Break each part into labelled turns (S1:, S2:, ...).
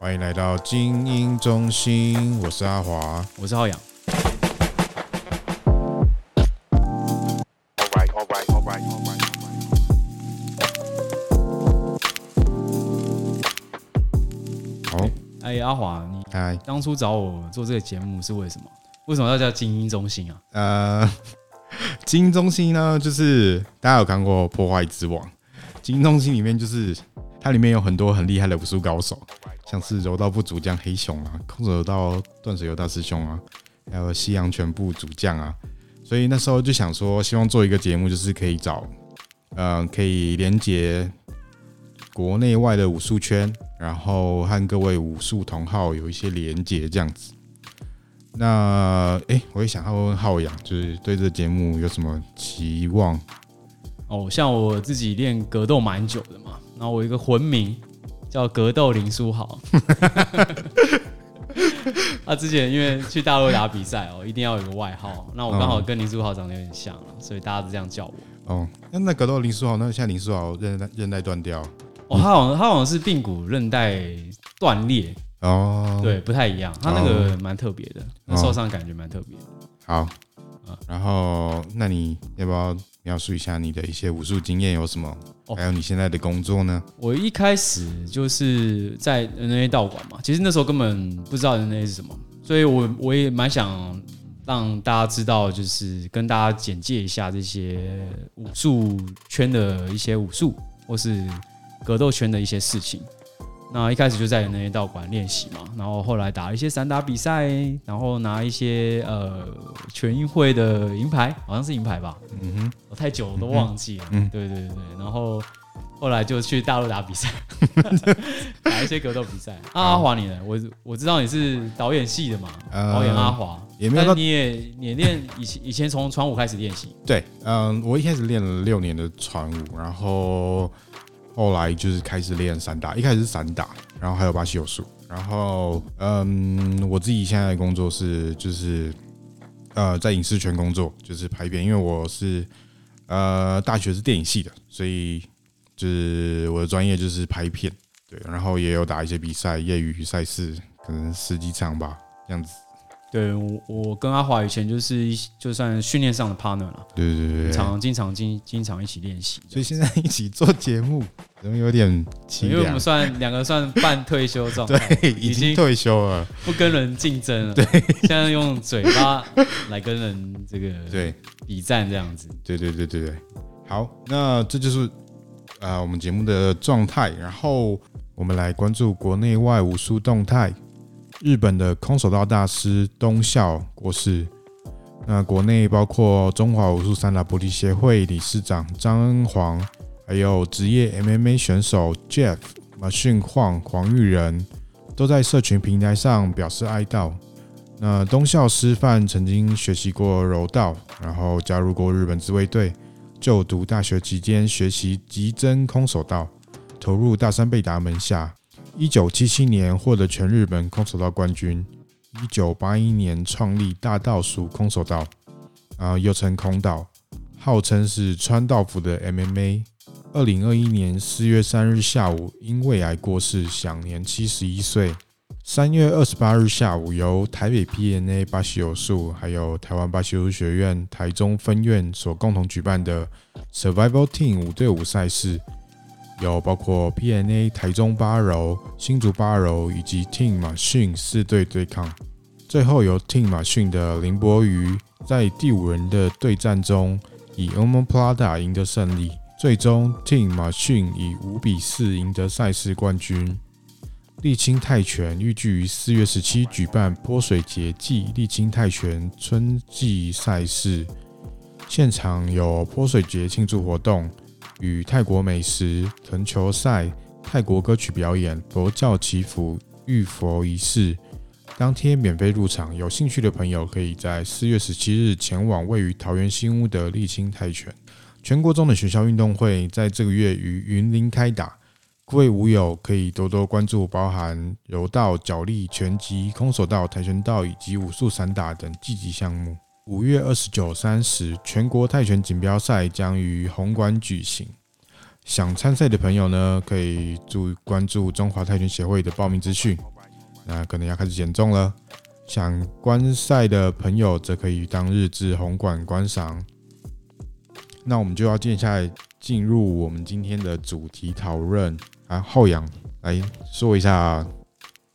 S1: 歡迎來到精英中心，我是阿華，我是浩仰。好，
S2: 哎，阿華，你哎，當初找我做這個節目是為什麼？Hi 為什麼要叫精英中心啊？
S1: 呃，精英中心呢，就是大家有看過《破壞之王》，精英中心裡面就是它裡面有很多很厲害的武術高手。像是柔道部主將黑熊啊，空手道斷水流大師兄啊，還有西洋拳部主將啊，所以那時候就想說，希望做一個節目，就是可以找，嗯，可以連接國內外的武術圈，然後和各位武術同好有一些連接，這樣子。那哎、欸，我也想要問問浩仰，就是對這節目有什麼期望？哦，像我
S2: 自己練格鬥蠻久的嘛，然後我一個魂迷。叫格鬥林書豪， 他之前因為去大陸打比賽哦、喔，一定要有個外號，那我剛好跟林書豪長得有點像，所以大家就這樣叫我。
S1: 哦，那那格鬥林書豪，那現在林書豪韌韌帶斷掉哦，嗯、他好像他好像是髕骨韌帶斷裂哦，嗯、對，不太一樣，他那個蠻特別的，那受傷感覺蠻特別、哦。好，然後那你要不要？描述一下你的一些武術經驗有什麼？還有你現在的工作呢？
S2: 我一開始就是在 NA 道館嘛，其實那時候根本不知道 NA 是什麼，所以我我也蠻想讓大家知道，就是跟大家簡介一下這些武術圈的一些武術，或是格鬥圈的一些事情。那一開始就在那一道館練習嘛，然後後來打一些散打比賽，然後拿一些呃全運會的銀牌，好像是銀牌吧，嗯哼，我、哦、太久了、嗯、哼都忘記了，嗯哼，對對對，然後後來就去大陸打比賽，嗯、哼打一些格鬥比賽、嗯啊。阿華，你呢？我我知道你是導演系的嘛，嗯、導演阿華，那你也你也練以前以前從傳武開始練習，
S1: 對，嗯，我一開始練了六年的傳武，然後。後來就是開始練散打，一開始是散打，然後還有巴西柔術。然後，嗯，我自己現在的工作是就是，呃，在影視圈工作，就是拍片。因為我是呃大學是電影系的，所以就是我的專業就是拍片。對，然後也有打一些比賽，業餘賽事，可能十幾場吧，這樣子。
S2: 對我，我跟阿華以前就是就算訓練上的 partner 了，對，對對對，常經常經經常一起練習，所
S1: 以現在一起做節目，怎麼 有點奇怪，因為我們
S2: 算兩個算半退休狀態， 已經退休了，不跟人競爭了，對，現在用嘴巴來跟人這個對比戰這樣子，對對對對對，
S1: 好，那這就是啊、呃、我們節目的狀態，然後我們來關注國內外武術動態。日本的空手道大師東孝過世，那國內包括中華武術散打搏擊協會理事長張恩煌，還有職業 MMA 選手 Jeff 馬迅晃、黃玉仁，都在社群平台上表示哀悼。那東孝師範曾經學習過柔道，然後加入過日本自衛隊，就讀大學期間學習極真空手道，投入大山倍達門下。一九七七年獲得全日本空手道冠軍，一九八一年創立大道塾空手道，啊，又稱空道，號稱是穿道服的 MMA。二零二一年四月三日下午因胃癌過世，享年七十一歲。三月二十八日下午，由台北 PNA 巴西柔術還有台灣巴西柔術學院台中分院所共同舉辦的 Survival Team 五對五賽事。有包括 PNA 台中巴柔、新竹巴柔以及 Team 馬遜四隊對，對抗，最後由 Team 馬遜的林博宇在第五人的對戰中以 Omoplata 贏得勝利，最終 Team 馬遜以五比四贏得賽事冠軍。瀝青泰拳預計於四月十七舉辦潑水節暨瀝青泰拳春季賽事，現場有潑水節慶祝活動。與泰國美食、藤球賽、泰國歌曲表演、佛教祈福、浴佛儀式，當天免費入場。有興趣的朋友可以在四月十七日前往位於桃園新屋的立青泰拳。全國中的學校運動會在這個月於雲林開打。各位武友可以多多關注，包含柔道、角力、拳擊、空手道、跆拳道以及武術散打等競技項目。五月二十九、三十，全國泰拳錦標賽將於紅館舉行。想參賽的朋友呢，可以注意關注中華泰拳協會的報名資訊。那可能要開始減重了。想觀賽的朋友，則可以當日至紅館觀賞。那我們就要接下來進入我們今天的主題討論。啊，浩仰來說一下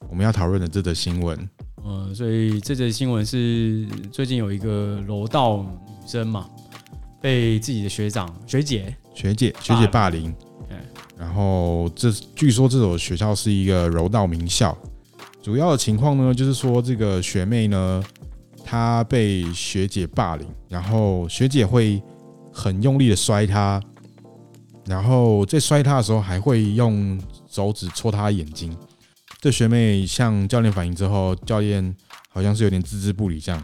S1: 我們要討論的這則新聞。
S2: 呃、嗯，所以這則新聞是最近有一個柔道女生嘛，被自己的學長、學姐、
S1: 學姐、霸凌 學姐霸凌。嗯，然後這據說這所學校是一個柔道名校。主要的情況呢，就是說這個學妹呢，她被學姐霸凌，然後學姐會很用力的摔她，然後在摔她的時候還會用手指戳她的眼睛。這學妹向教練反映之後，教練好像是有點置之不理，這樣，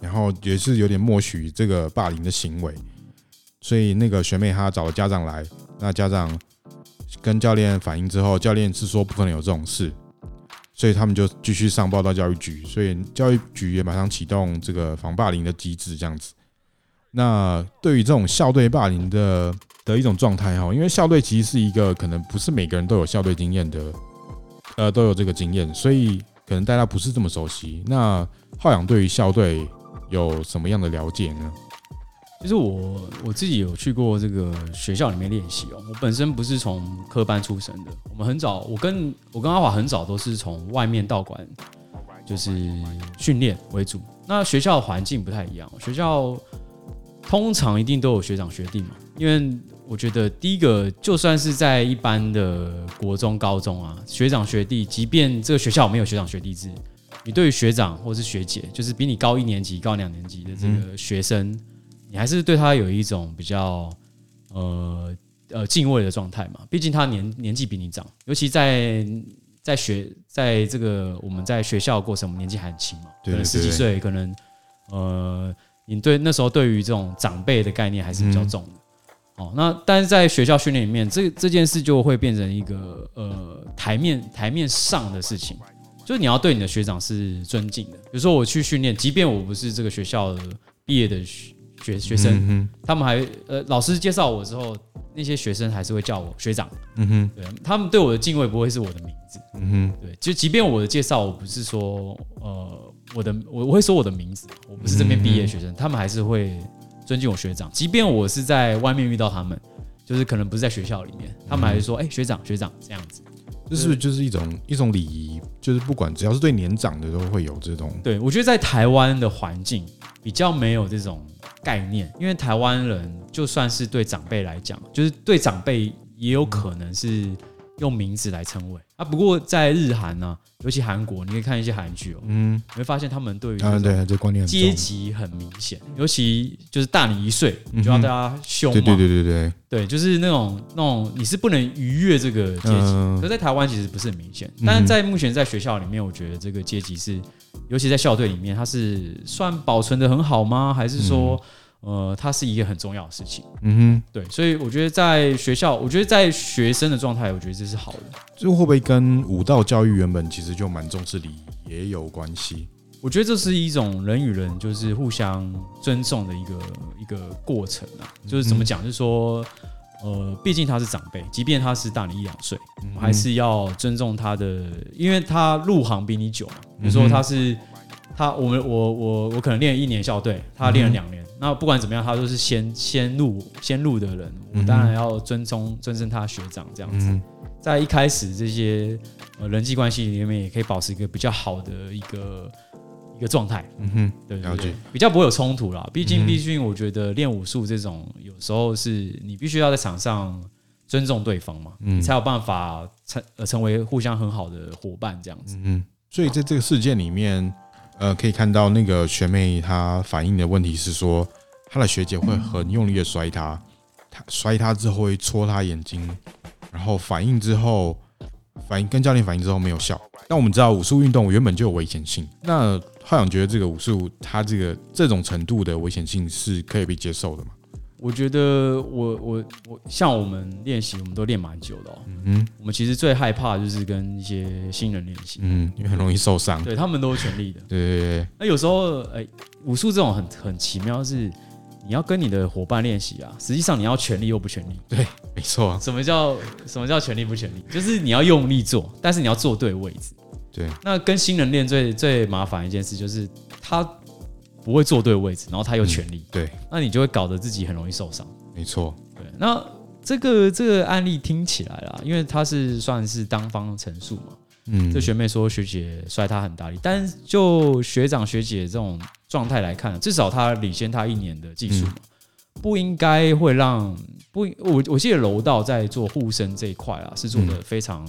S1: 然後也是有點默許這個霸凌的行為，所以那個學妹她找了家長來，那家長跟教練反映之後，教練是說不可能有這種事，所以他們就繼續上報到教育局，所以教育局也馬上啟動這個防霸凌的機制這樣子。那對於這種校隊霸凌的的一種狀態哈、哦，因為校隊其實是一個可能不是每個人都有校隊經驗的。呃，都有這個經驗，所以可能大家不是這麼熟悉。那浩仰對於校隊有什麼樣的了解呢？其實我我自己有去過這個學校裡面練
S2: 習哦。我本身不是從科班出身的，我們很早，我跟我跟阿華很早都是從外面道館就是訓練為主。那學校環境不太一樣喔，學校通常一定都有學長學弟嘛，因為。我覺得第一個，就算是在一般的國中、高中啊，學長學弟，即便這個學校沒有學長學弟制，你對於學長或者是學姐，就是比你高一年級、高兩年級的這個學生，嗯、你還是對他有一種比較呃呃敬畏的狀態嘛。畢竟他年年紀比你長，尤其在在學在這個我們在學校的過程，我們年紀還很輕嘛，對對對，可能十幾歲，可能呃，你對那時候對於這種長輩的概念還是比較重的。嗯哦，那但是在學校訓練裡面，這這件事就會變成一個呃台面台面上的事情，就是你要對你的學長是尊敬的。比如說我去訓練，即便我不是這個學校畢業的學學生，嗯哼。他們還呃老師介紹我之後，那些學生還是會叫我學長。嗯哼，對他們對我的敬畏不會是我的名字。嗯哼，對，就即便我的介紹我不是說呃我的我我會說我的名字，我不是這邊畢業的學生，嗯哼。他們還是會。尊敬我學長，即便我是在外面遇到他們，就是可能不是在學校裡面，他們還是說：“哎、嗯，欸，學長，學長這樣子。”
S1: 這是不是就是一種一種禮儀？就是不管只要是對年長的都會有這種
S2: 對。對，我覺得在台灣的環境比較沒有這種概念，因為台灣人就算是對長輩來講，就是對長輩也有可能是用名字來稱謂。啊、不過在日韓呢、啊，尤其韓國，你可以看一些韓劇哦，嗯、你會發現他們對於念階級很明顯，啊、尤其就是大你一歲你就要大家兇，對對對對對，對，就是那種那種你是不能逾越這個階級。那、呃、在台灣其實不是很明顯，但是在目前在學校裡面，我覺得這個階級是，嗯、尤其在校隊裡面，它是算保存得很好嗎？還是說？呃，它是一個很重要的事情。嗯哼，對，所以我覺得在學校，我覺得在學生的狀態，我覺得這是好的。
S1: 這會不會跟武道教育原本其實就蠻重視禮儀也有關係？
S2: 我覺得這是一種人與人就是互相尊重的一個一個過程啊。嗯、哼就是怎麼講？就是說，呃，畢竟他是長輩，即便他是大你一兩歲，嗯、哼我還是要尊重他的，因為他入行比你久嘛。比如說他是、嗯、哼他，我們我我我可能練了一年校隊，他練了兩年。嗯那不管怎麼樣，他都是先先入先入的人，我當然要尊崇，嗯、哼尊稱他的學長這樣子，嗯、哼在一開始這些人際關係裡面，也可以保持一個比較好的一個一個狀態，嗯哼，對對對，了解比較不會有衝突啦。畢竟畢竟，嗯、哼竟我覺得練武術這種有時候是你必須要在場上尊重對方嘛，嗯、哼你才有辦法成成為互相很好的夥伴這樣
S1: 子。嗯，所以在這個事件裡面。呃，可以看到那個學妹她反映的問題是說，她的學姐會很用力的摔她，她摔她之後會戳她眼睛，然後反應之後，反應跟教練反應之後沒有效。那我們知道武術運動原本就有危險性，那浩仰覺得這個武術它這個這種程度的危險性是可以被接受的嗎？
S2: 我覺得我我我像我們練習，我們都練蠻久的哦。嗯，我們其實最害怕就是跟一些新人練習，嗯，因為很容易受傷對。對他們都是全力的，
S1: 對，對，對，
S2: 對。那有時候，欸、武術這種很很奇妙，是你要跟你的夥伴練習啊。實際上你要全力又不全力，對，沒錯，啊。什麼叫什麼叫全力不全力？就是你要用力做，但是你要做對位置。對，那跟新人練最最麻煩一件事就是他。不會坐對位置，然後他有權利。嗯、對，那你就會搞得自己很容易受傷。沒錯，對，那這個這個案例聽起來啦，因為他是算是單方陳述嘛，嗯，這學妹說學姐摔他很大力，但就學長學姐這種狀態來看，至少他領先他一年的技術，嗯、不應該會讓不？我我記得柔道在做護身這一塊啊，是做的非常。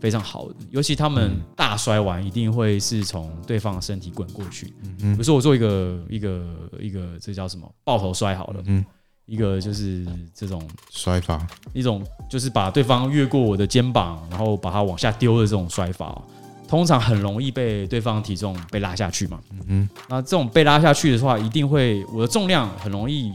S2: 非常好的，尤其他們大摔完一定會是從對方的身體滾過去。嗯嗯，比如說我做一個一個一個，這個叫什麼，抱頭摔好了。嗯，一個就是這種摔法，一種就是把對方越過我的肩膀，然後把他往下丟的這種摔法，啊，通常很容易被對方體重被拉下去嘛。嗯嗯，那這種被拉下去的話，一定會我的重量很容易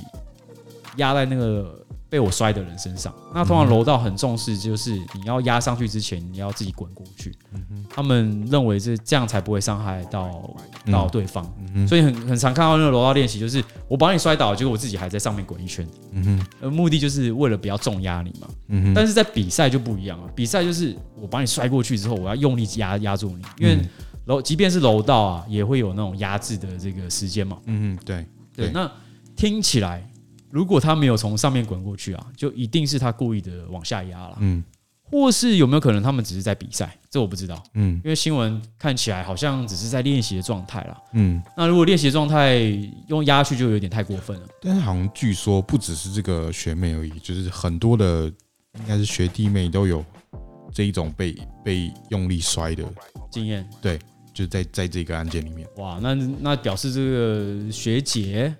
S2: 壓在那個。被我摔的人身上，那通常柔道很重視，就是你要壓上去之前，你要自己滾過去。嗯、哼他們認為是這樣才不會傷害到、嗯、到對方，嗯、哼所以很很常看到那個柔道練習，就是我把你摔倒，結果我自己還在上面滾一圈。嗯哼，目的就是為了比較重壓你嘛。嗯哼，但是在比賽就不一樣了，比賽就是我把你摔過去之後，我要用力壓壓住你，因為柔即便是柔道啊，也會有那種壓制的這個時間嘛。嗯嗯，對對，對那聽起來。如果他沒有從上面滾過去啊，就一定是他故意的往下壓了。嗯，或是有沒有可能他們只是在比賽？這我不知道。嗯，因為新聞看起來好像只是在練習的狀態啦。嗯，那如果練習的狀態用壓去
S1: 就有點太過分了。嗯，但是好像據說不只是這個學妹而已，就是很多的應該是學弟妹都有這一種被被用力摔的經驗。對，就在在這個案件裡面。
S2: 哇，那那表示這個學姐。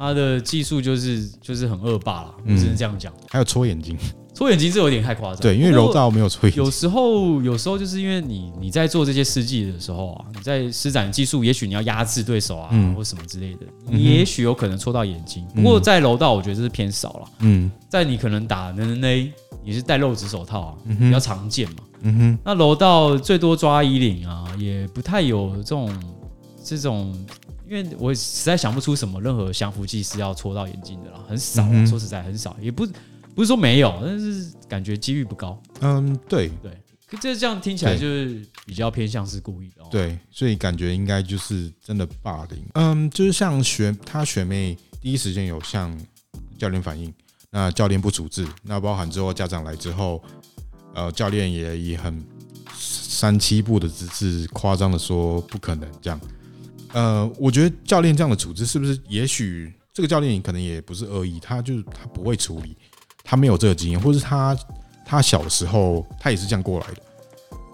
S2: 他的技術就是就是很惡霸了，只能這樣講，
S1: 嗯。還有戳眼睛，
S2: 戳眼睛是有點太誇張。對，因為柔道沒有戳眼睛。有時候，有時候就是因為你你在做這些事跡的時候啊，你在施展技術，也許你要壓制對手啊，嗯，或什麼之類的，你也許有可能戳到眼睛。嗯，不過在柔道，我覺得這是偏少了。嗯，在你可能打 NNA，也是戴露指手套啊，嗯、哼比較常見嘛。嗯哼，那柔道最多抓衣領啊，也不太有這種這種。因為我實在想不出什麼任何降服技是要戳到眼睛的了，很少，嗯、嗯哼說實在很少，也不不是說沒有，但是感
S1: 覺幾率不高。嗯，對對，
S2: 可這這樣聽起來就是比較偏向是故
S1: 意的。哦，對。對，所以感覺應該就是真的霸凌。嗯，就是像學他學妹第一時間有向教練反映，那教練不處置，那包含之後家長來之後，呃，教練也也很三七步的姿勢誇張的說不可能這樣。呃，我覺得教練這樣的組織是不是？也許這個教練可能也不是惡意，他就是他不會處理，他沒有這個經驗，或者是他他小的時候他也是這樣過來的，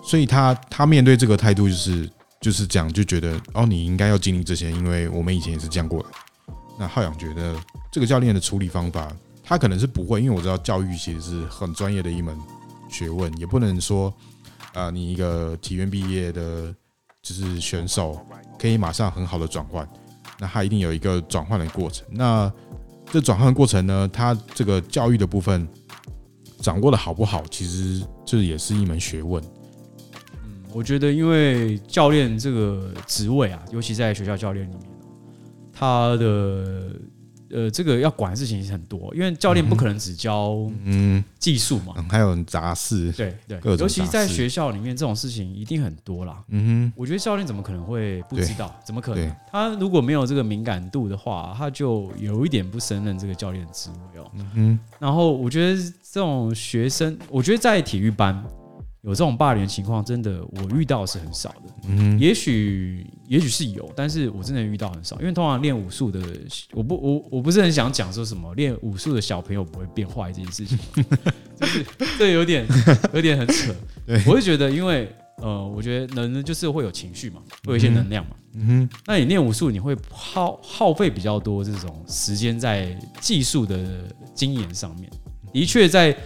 S1: 所以他他面對這個態度就是就是講就覺得哦，你應該要經歷這些，因為我們以前也是這樣過來的。那浩仰覺得這個教練的處理方法，他可能是不會，因為我知道教育其實是很專業的一門學問，也不能說啊、呃，你一個體院畢業的。就是選手可以馬上很好的轉換，那他一定有一個轉換的過程。那這轉換過程呢，他這個教育的部分掌握得好不好，其實這也是一門學問。
S2: 嗯，我覺得因為教練這個職位啊，尤其在學校教練裡面，他的。呃，這個要管的事情很多，因為教練不可能只教技術，嗯，
S1: 技術嘛，還有雜事，對對，對，尤其在學
S2: 校裡面這種事情一定很多啦。嗯哼，我覺得教練怎麼可能會不知道？對怎麼可能？對他如果沒有這個敏感度的話，他就有一點不勝任這個教練職務，嗯哼，然後我覺得這種學生，我覺得在體育班。有這種霸凌的情況，真的我遇到是很少的。嗯哼也，也許也許是有，但是我真的遇到很少。因為通常練武術的，我不我我不是很想講說什麼練武術的小朋友不會變壞這件事情， 就是這有點 有點很扯。對，我是覺得，因為呃，我覺得人就是會有情緒嘛，嗯、哼會有一些能量嘛。嗯哼，那你練武術，你會耗耗費比較多這種時間在技術的經驗上面，嗯、哼的確在。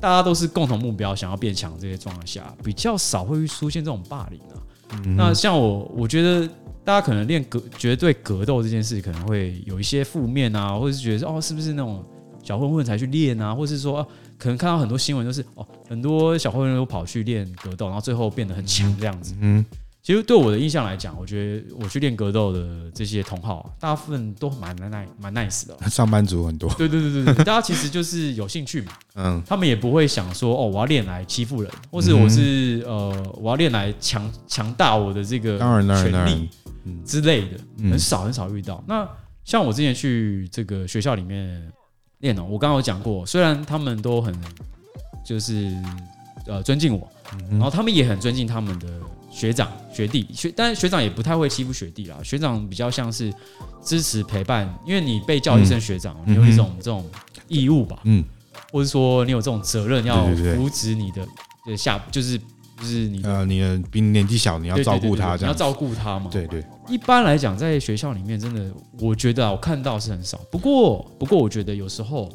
S2: 大家都是共同目標，想要變強，這些狀況下比較少會出現這種霸凌啊。嗯、哼那像我，我覺得大家可能練格，覺得格鬥這件事可能會有一些負面啊，或者是覺得哦，是不是那種小混混才去練啊？或者是說、啊，可能看到很多新聞都、就是哦，很多小混混都跑去練格鬥，然後最後變得很強這樣子。嗯。其實對我的印象來講，我覺得我去練格鬥的這些同好、啊，
S1: 大部分都蠻 nice、蠻 nice 的、哦，上班族很多。對對對對，大家
S2: 其實就是有興趣嘛， 嗯，他們也不會想說哦，我要練來欺負人，或是我是、嗯、呃，我要練來強強大我的這個權力之類的，嗯、很少很少遇到。嗯、那像我之前去這個學校裡面練哦，我剛剛有講過，雖然他們都很就是呃尊敬我，嗯、然後他們也很尊敬他們的。學長學弟學，但是學長也不太會欺負學弟啦。學長比較像是支持陪伴，因為你被叫一聲學長，嗯、你有一種、嗯、這種義務吧，嗯，或者說你有這種責任要扶持你的對對對對下，就是就是你
S1: 的呃，你比你年紀小，你要照顧他對對對對，你要照顧他嘛。對對，對，
S2: 對。一般來講，在學校裡面，真的，
S1: 我覺得我看到
S2: 是很少。不過，不過，我覺得有時候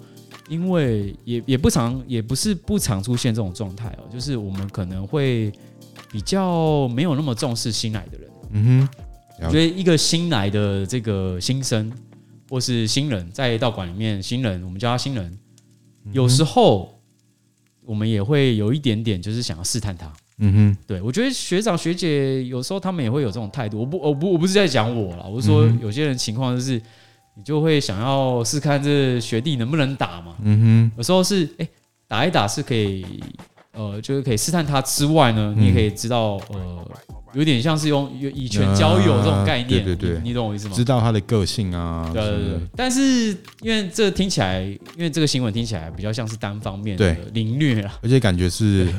S2: 因為也也不常，也不是不常出現這種狀態哦。就是我們可能會。比較沒有那麼重視新來的人，
S1: 嗯哼，
S2: 我覺得一個新來的這個新生或是新人在道館裡面，新人我們叫他新人，嗯哼，有時候我們也會有一點點就是想要試探他，嗯哼，對我覺得學長學姐有時候他們也會有這種態度，我不我不我不是在講我啦，我是說有些人情況就是你就會想要試看這學弟能不能打嘛，嗯哼，有時候是哎，打一打是可以。呃，就是可以試探他之外呢，嗯、你可以知道呃，有點像是用以以拳交友這種概念，呃、對，對對，你懂我意思嗎？知道他的個性啊，對對，對對。是但是因為這聽起來，因為這個新聞聽起來比較像是單方面的凌虐
S1: 啊，而且感覺是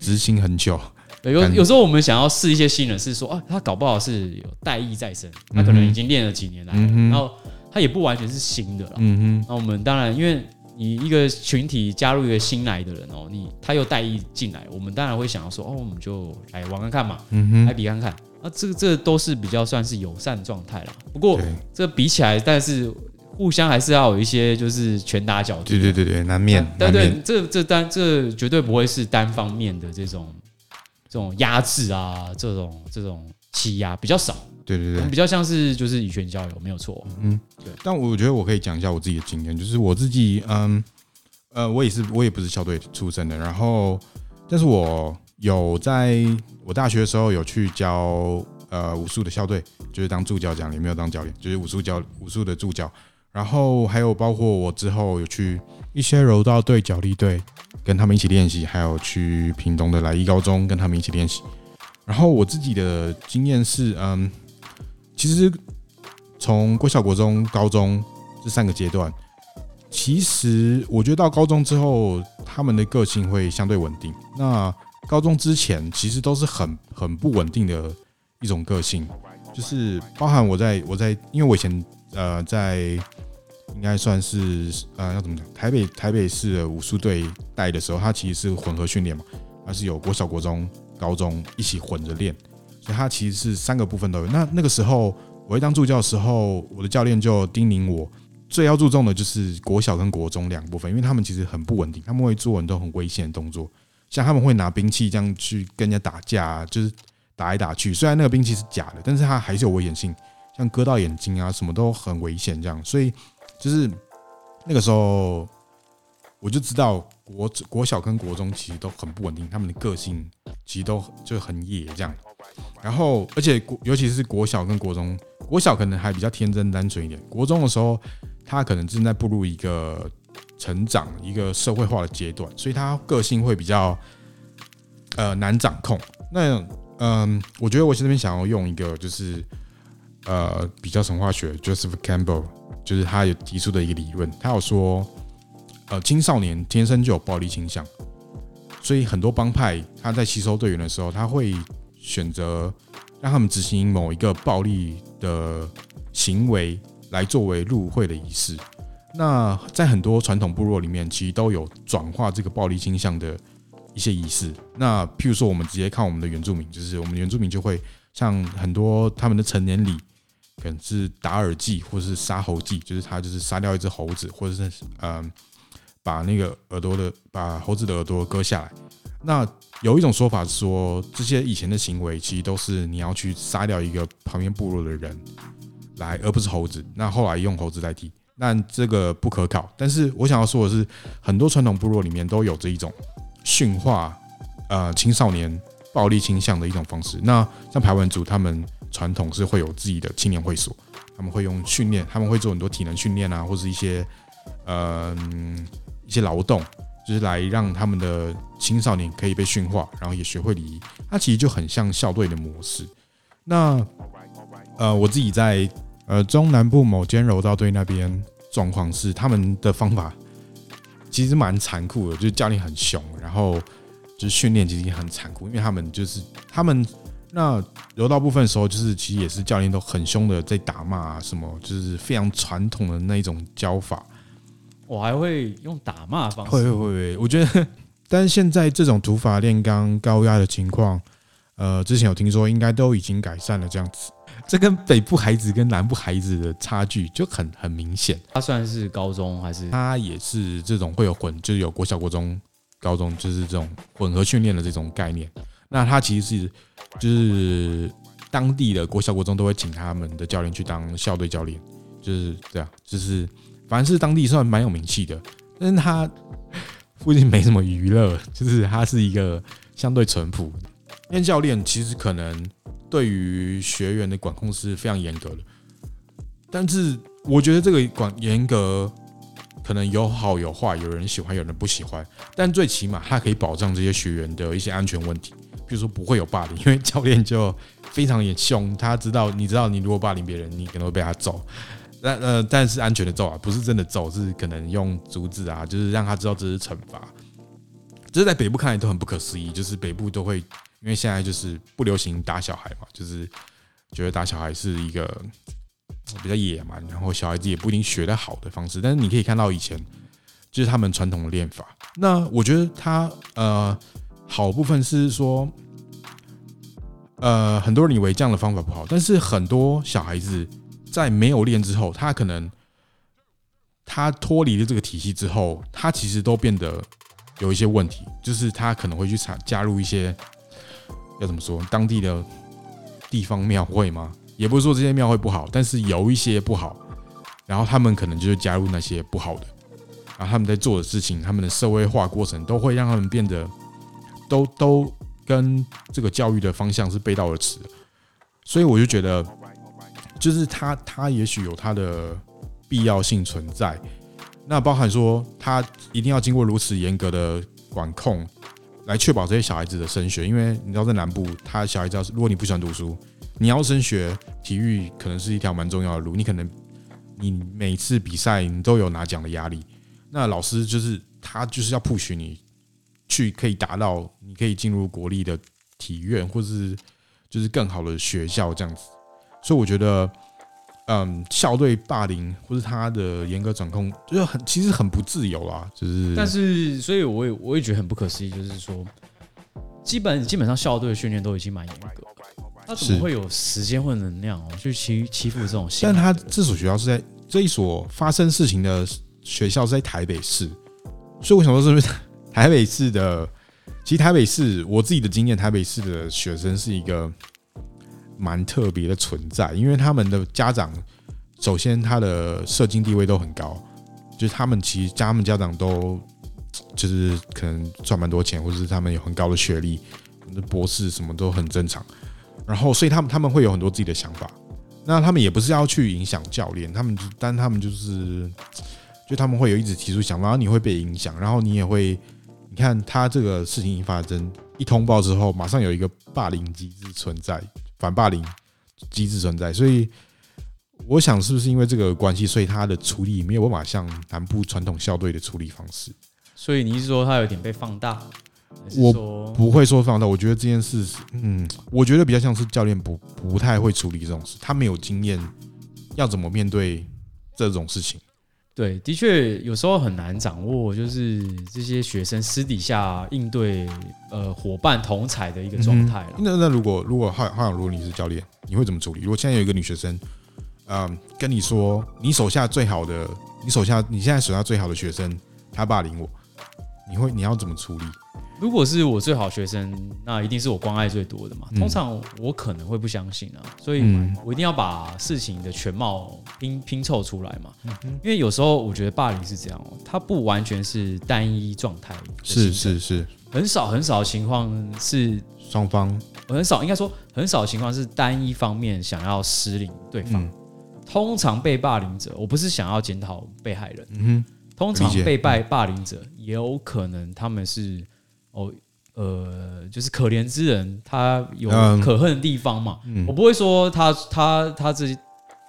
S1: 執行很久。有有時
S2: 候我們想要試一些新人，是說啊，他搞不好是有代役在身，他可能已經練了幾年了，嗯、哼然後他也不完全是新的了。嗯，那哼我們當然因為。你一個群體加入一個新來的人哦，你他又帶一進來，我們當然會想要說，哦，我們就來玩看看嘛，嗯、哼來比看看，啊，這個這都是比較算是友善狀態了。不過對這比起來，但是互相還是要有一些就是拳打腳
S1: 踢，啊，對對對對，難免。但對，
S2: 這這單這絕對不會是單方面的這種這種壓制啊，這種這種
S1: 欺壓比較少。對對對，比
S2: 較像是就是以拳交友，沒有錯。嗯，
S1: 對。但我覺得我可以講一下我自己的經驗，就是我自己，嗯呃，我也是，我也不是校隊出身的。然後，但是我有在我大學的時候有去教呃武術的校隊，就是當助教，教，講，沒有當教練，就是武術教武術的助教。然後還有包括我之後有去一些柔道隊、角力隊跟他們一起練習，還有去屏東的來義高中跟他們一起練習。然後我自己的經驗是，嗯。其實，從國小、國中、高中這三個階段，其實我覺得到高中之後，他們的個性會相對穩定。那高中之前，其實都是很很不穩定的一種個性，就是包含我在我在，因為我以前呃在，應該算是呃要怎麼講，台北台北市的武術隊帶的時候，他其實是混合訓練嘛，他是有國小、國中、高中一起混着練。它其實是三個部分都有。那那個時候，我一當助教的時候，我的教練就叮嚀我，最要注重的就是國小跟國中兩部分，因為他們其實很不穩定，他們會做很多很危險的動作，像他們會拿兵器這樣去跟人家打架啊，就是打來打去。雖然那個兵器是假的，但是他還是有危險性，像割到眼睛啊，什麼都很危險這樣。所以就是那個時候，我就知道國國小跟國中其實都很不穩定，他們的個性其實都就很野這樣。然後，而且尤其是國小跟國中，國小可能還比較天真單純一點。國中的時候，他可能正在步入一個成長、一個社會化的階段，所以他個性會比較呃難掌控。那嗯、呃，我覺得我在這邊想要用一個就是呃比較神話學，Joseph Campbell，就是他有提出的一個理論，他有說呃青少年天生就有暴力傾向，所以很多幫派他在吸收隊員的時候，他會。選擇讓他們執行某一個暴力的行為，來作為入會的儀式。那在很多傳統部落裡面，其實都有轉化這個暴力傾向的一些儀式。那譬如說，我們直接看我們的原住民，就是我們原住民就會像很多他們的成年禮，可能是打耳祭或是殺猴祭，就是他就是殺掉一隻猴子，或者是嗯、呃，把那個耳朵的把猴子的耳朵割下來。那有一種說法說，這些以前的行為其實都是你要去殺掉一個旁邊部落的人來，而不是猴子。那後來用猴子代替，那這個不可靠。但是我想要說的是，很多傳統部落裡面都有著一種馴化呃青少年暴力傾向的一種方式。那像排灣族，他們傳統是會有自己的青年會所，他們會用訓練，他們會做很多體能訓練啊，或是一些呃一些勞動。就是來讓他們的青少年可以被馴化，然後也學會禮儀。他其實就很像校隊的模式。那呃，我自己在呃中南部某間柔道隊那邊，狀況是他們的方法其實蠻殘酷的，就是教練很兇，然後就是訓練其實也很殘酷，因為他們就是他們那柔道部分的時候，就是其實也是教練都很兇的在打罵啊什麼，就是非常傳統的那一種教法。
S2: 我還會用打罵方式。會會會我
S1: 覺得，但是現在這種土法煉鋼、高壓的情況，呃，之前有聽說，應該都已經改善了。這樣子，這跟北部孩子跟南部孩子的差距就很很明顯。他算是高中還是？他也是這種會有混，就是有國小、國中、高中，就是這種混合訓練的這種概念。那他其實是，就是當地的國小、國中都會請他們的教練去當校隊教練，就是這樣，就是。反正是當地算蠻有名氣的，但是他附近沒什麼娛樂，就是他是一個相對淳樸。因為教練其實可能對於學員的管控是非常嚴格的，但是我覺得這個管嚴格可能有好有壞，有人喜歡，有人不喜歡。但最起碼他可以保障這些學員的一些安全問題，比如說不會有霸凌，因為教練就非常也凶，他知道你知道你如果霸凌別人，你可能會被他揍。但呃，但是安全的揍啊，不是真的揍，是可能用竹子啊，就是讓他知道這是懲罰。這在北部看來都很不可思議，就是北部都會因為現在就是不流行打小孩嘛，就是覺得打小孩是一個比較野蠻，然後小孩子也不一定學得好的方式。但是你可以看到以前就是他們傳統的練法。那我覺得他呃好部分是說，呃很多人以為這樣的方法不好，但是很多小孩子。在沒有練之後，他可能他脫離了這個體系之後，他其實都變得有一些問題，就是他可能會去參加入一些，要怎麼說當地的，地方廟會嗎？也不是說這些廟會不好，但是有一些不好，然後他們可能就是加入那些不好的，然後他們在做的事情，他們的社會化過程都會讓他們變得，都都跟這個教育的方向是背道而馳，所以我就覺得。就是他，他也許有他的必要性存在。那包含說，他一定要經過如此嚴格的管控，來確保這些小孩子的升學。因為你知道，在南部，他小孩子，如果你不喜歡讀書，你要升學，體育可能是一條蠻重要的路。你可能，你每次比賽，你都有拿獎的壓力。那老師就是他，就是要 push 你去，可以達到，你可以進入國立的體院，或是就是更好的學校這樣子。所以我覺得，嗯，校隊霸凌或者，他的嚴格掌控就，就是很其實很不自由啦。就是，但是，所以我也我也覺得很不可思
S2: 議，就是說，基本基本上校隊的訓練都已經蠻嚴格，
S1: 他怎麼會有時間或能量哦去欺欺負這種？但他這所學校是在這一所發生事情的學校是在台北市，所以我想說，是不是台北市的？其實台北市我自己的經驗，台北市的學生是一個。蠻特別的存在，因為他們的家長，首先他的社經地位都很高，就是他們其實家他們家長都就是可能賺蠻多錢，或者是他們有很高的學歷，博士什麼都很正常。然後，所以他們他們會有很多自己的想法。那他們也不是要去影響教練，他們，但他們就是，就他們會有一直提出想法，然後你會被影響，然後你也會，你看他這個事情一發生，一通報之後，馬上有一個霸凌機制存在。反霸凌機制存在，所以我想是不是因為這個關係，所以他的處理沒有辦法像南部傳統校隊的處理方式。
S2: 所以你是說他有點被放大？
S1: 我不會說放大，我覺得這件事，嗯，我覺得比較像是教練不不太會處理這種事，他沒有經驗，要怎麼面對這種事情？
S2: 對，的確有時候很難掌握，就是這些學生私底下應對
S1: 呃夥伴同儕的
S2: 一個狀態。
S1: 那那如果如果浩，浩仰，如果你是教練，你會怎麼處理？如果現在有一個女學生，嗯，跟你說你手下最好的，你手下你現在手下最好的學生，他霸凌我，你會你要怎麼處理？
S2: 如果是我最好的學生，那一定是我關愛最多的嘛。通常我可能會不相信啊，嗯、所以我一定要把事情的全貌拼拼湊出來嘛。嗯嗯、因為有時候我覺得霸凌是這樣哦、喔，它不完全是單一狀態。
S1: 是是是，
S2: 很少很少的情況是雙方，很少應該說很少情況是單一方面想要施凌對方。嗯、通常被霸凌者，我不是想要檢討被害人。嗯嗯、通常被霸霸凌者，也有可能他們是。哦，呃，就是可憐之人，他有可恨的地方嘛。嗯、我不會說他他他這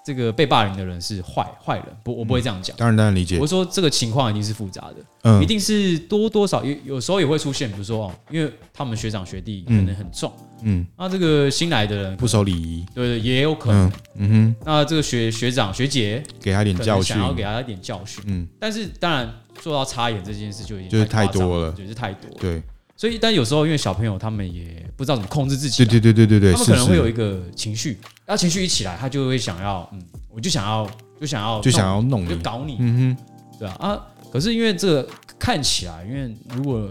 S2: 這個被霸凌的人是壞壞人，不，嗯、我不會這樣講。當然，當然理解。我說這個情況一定是複雜的，嗯、一定是多多少有有時候也會出現，比如說哦，因為他們學長學弟可能很重，嗯，嗯那這個新來的人不守禮儀，對，對，對，也有可能，嗯，嗯哼。那這個學學長學姐給他點教訓，想要給他一點教訓，嗯。但是當然。做到插眼這件事就已經太多了，就是太多，是太多對，所以但有時候因為小朋友他們也不知道怎麼控制自己，啊、對對對，對，對他們可能會有一個情緒，那是是、啊、情緒一起來，他就會想要嗯，我就想要就想要就想要弄，就，想要弄你就搞你，嗯哼，對啊啊，可是因為這個看起來，因為如果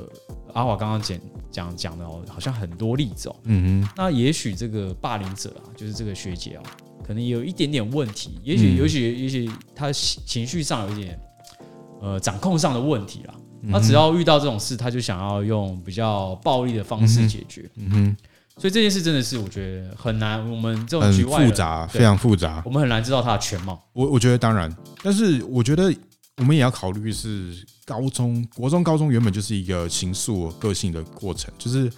S2: 阿華剛剛講講講的哦，好像很多例子哦，嗯哼，那也許這個霸凌者啊，就是這個學姐哦、啊，可能有一點點問題，也許也許也許他情緒上有一點。呃，掌控上的問題啦，他只要遇到這種事，嗯、哼他就想要用比較暴力的方式解決。嗯哼，嗯
S1: 哼，
S2: 所以這件事真的是我覺得很難，我們這種局外複雜，對非常複雜，我們很難知道他的全貌。
S1: 我我覺得當然，但是我覺得我們也要考慮是高中、國中、高中原本就是一個形塑個性的過程，就是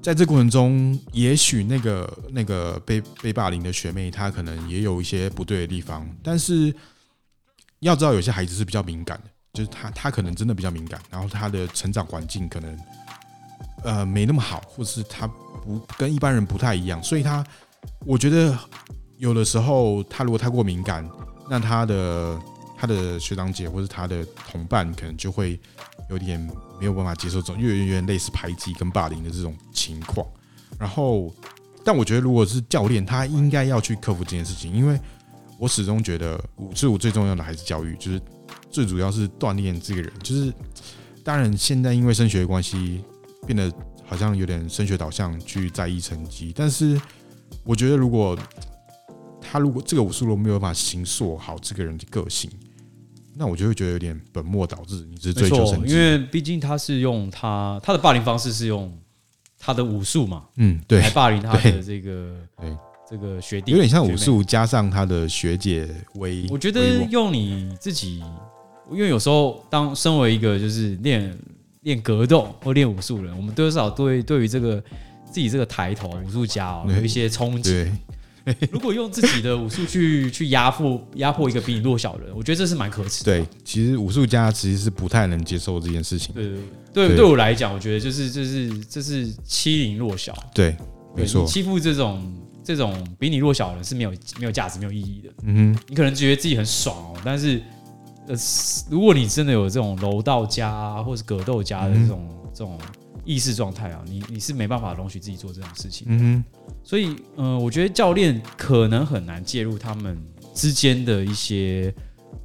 S1: 在這過程中，也許那個那個被被霸凌的學妹，她可能也有一些不對的地方，但是。要知道，有些孩子是比較敏感的，就是他他可能真的比較敏感，然後他的成長環境可能呃沒那麼好，或是他不跟一般人不太一樣，所以他我覺得有的時候他如果太過敏感，那他的他的學長姐或是他的同伴可能就會有點沒有辦法接受這種越來越類似排擠跟霸凌的這種情況。然後，但我覺得如果是教練，他應該要去克服這件事情，因為。我始終覺得武，是我最重要的，還是教育，就是最主要是鍛鍊這個人。就是當然，現在因為升學關係，變得好像有點升學導向，去在意成績。但是我覺得，如果他如果這個武術如果沒有辦法形塑好，這個人的個性，那我就會覺得有點本末倒置。你是追求成績，
S2: 因為畢竟他是用他他的霸凌方式是用他的武術嘛，嗯，對，來霸凌他的這個對。對
S1: 這個學弟有點像武術，加上他的學姐為我覺得
S2: 用你自己，因為有時候當身為一個就是練練格鬥或練武術人，我們多少對對於這個自己這個抬頭武術家哦，有一些衝擊，如果用自己的武術去去壓迫壓迫一個比你弱小的人，我覺得這是
S1: 蠻可恥的。對，其實武術家其實是不太能接受這件事情。對對對，對
S2: 我來講，我覺得就是就是這是欺凌弱小。對，沒錯，欺負這種。這種比你弱小的人是沒有沒有價值、沒有意義的。嗯哼你可能覺得自己很爽哦、喔，但是，呃，如果你真的有這種柔道家、啊、或者格鬥家的這種、嗯、哼這種意識狀態啊，你你是沒辦法容許自己做這種事情。嗯哼所以，嗯、呃，我覺得教練可能很難介入他們之間的一些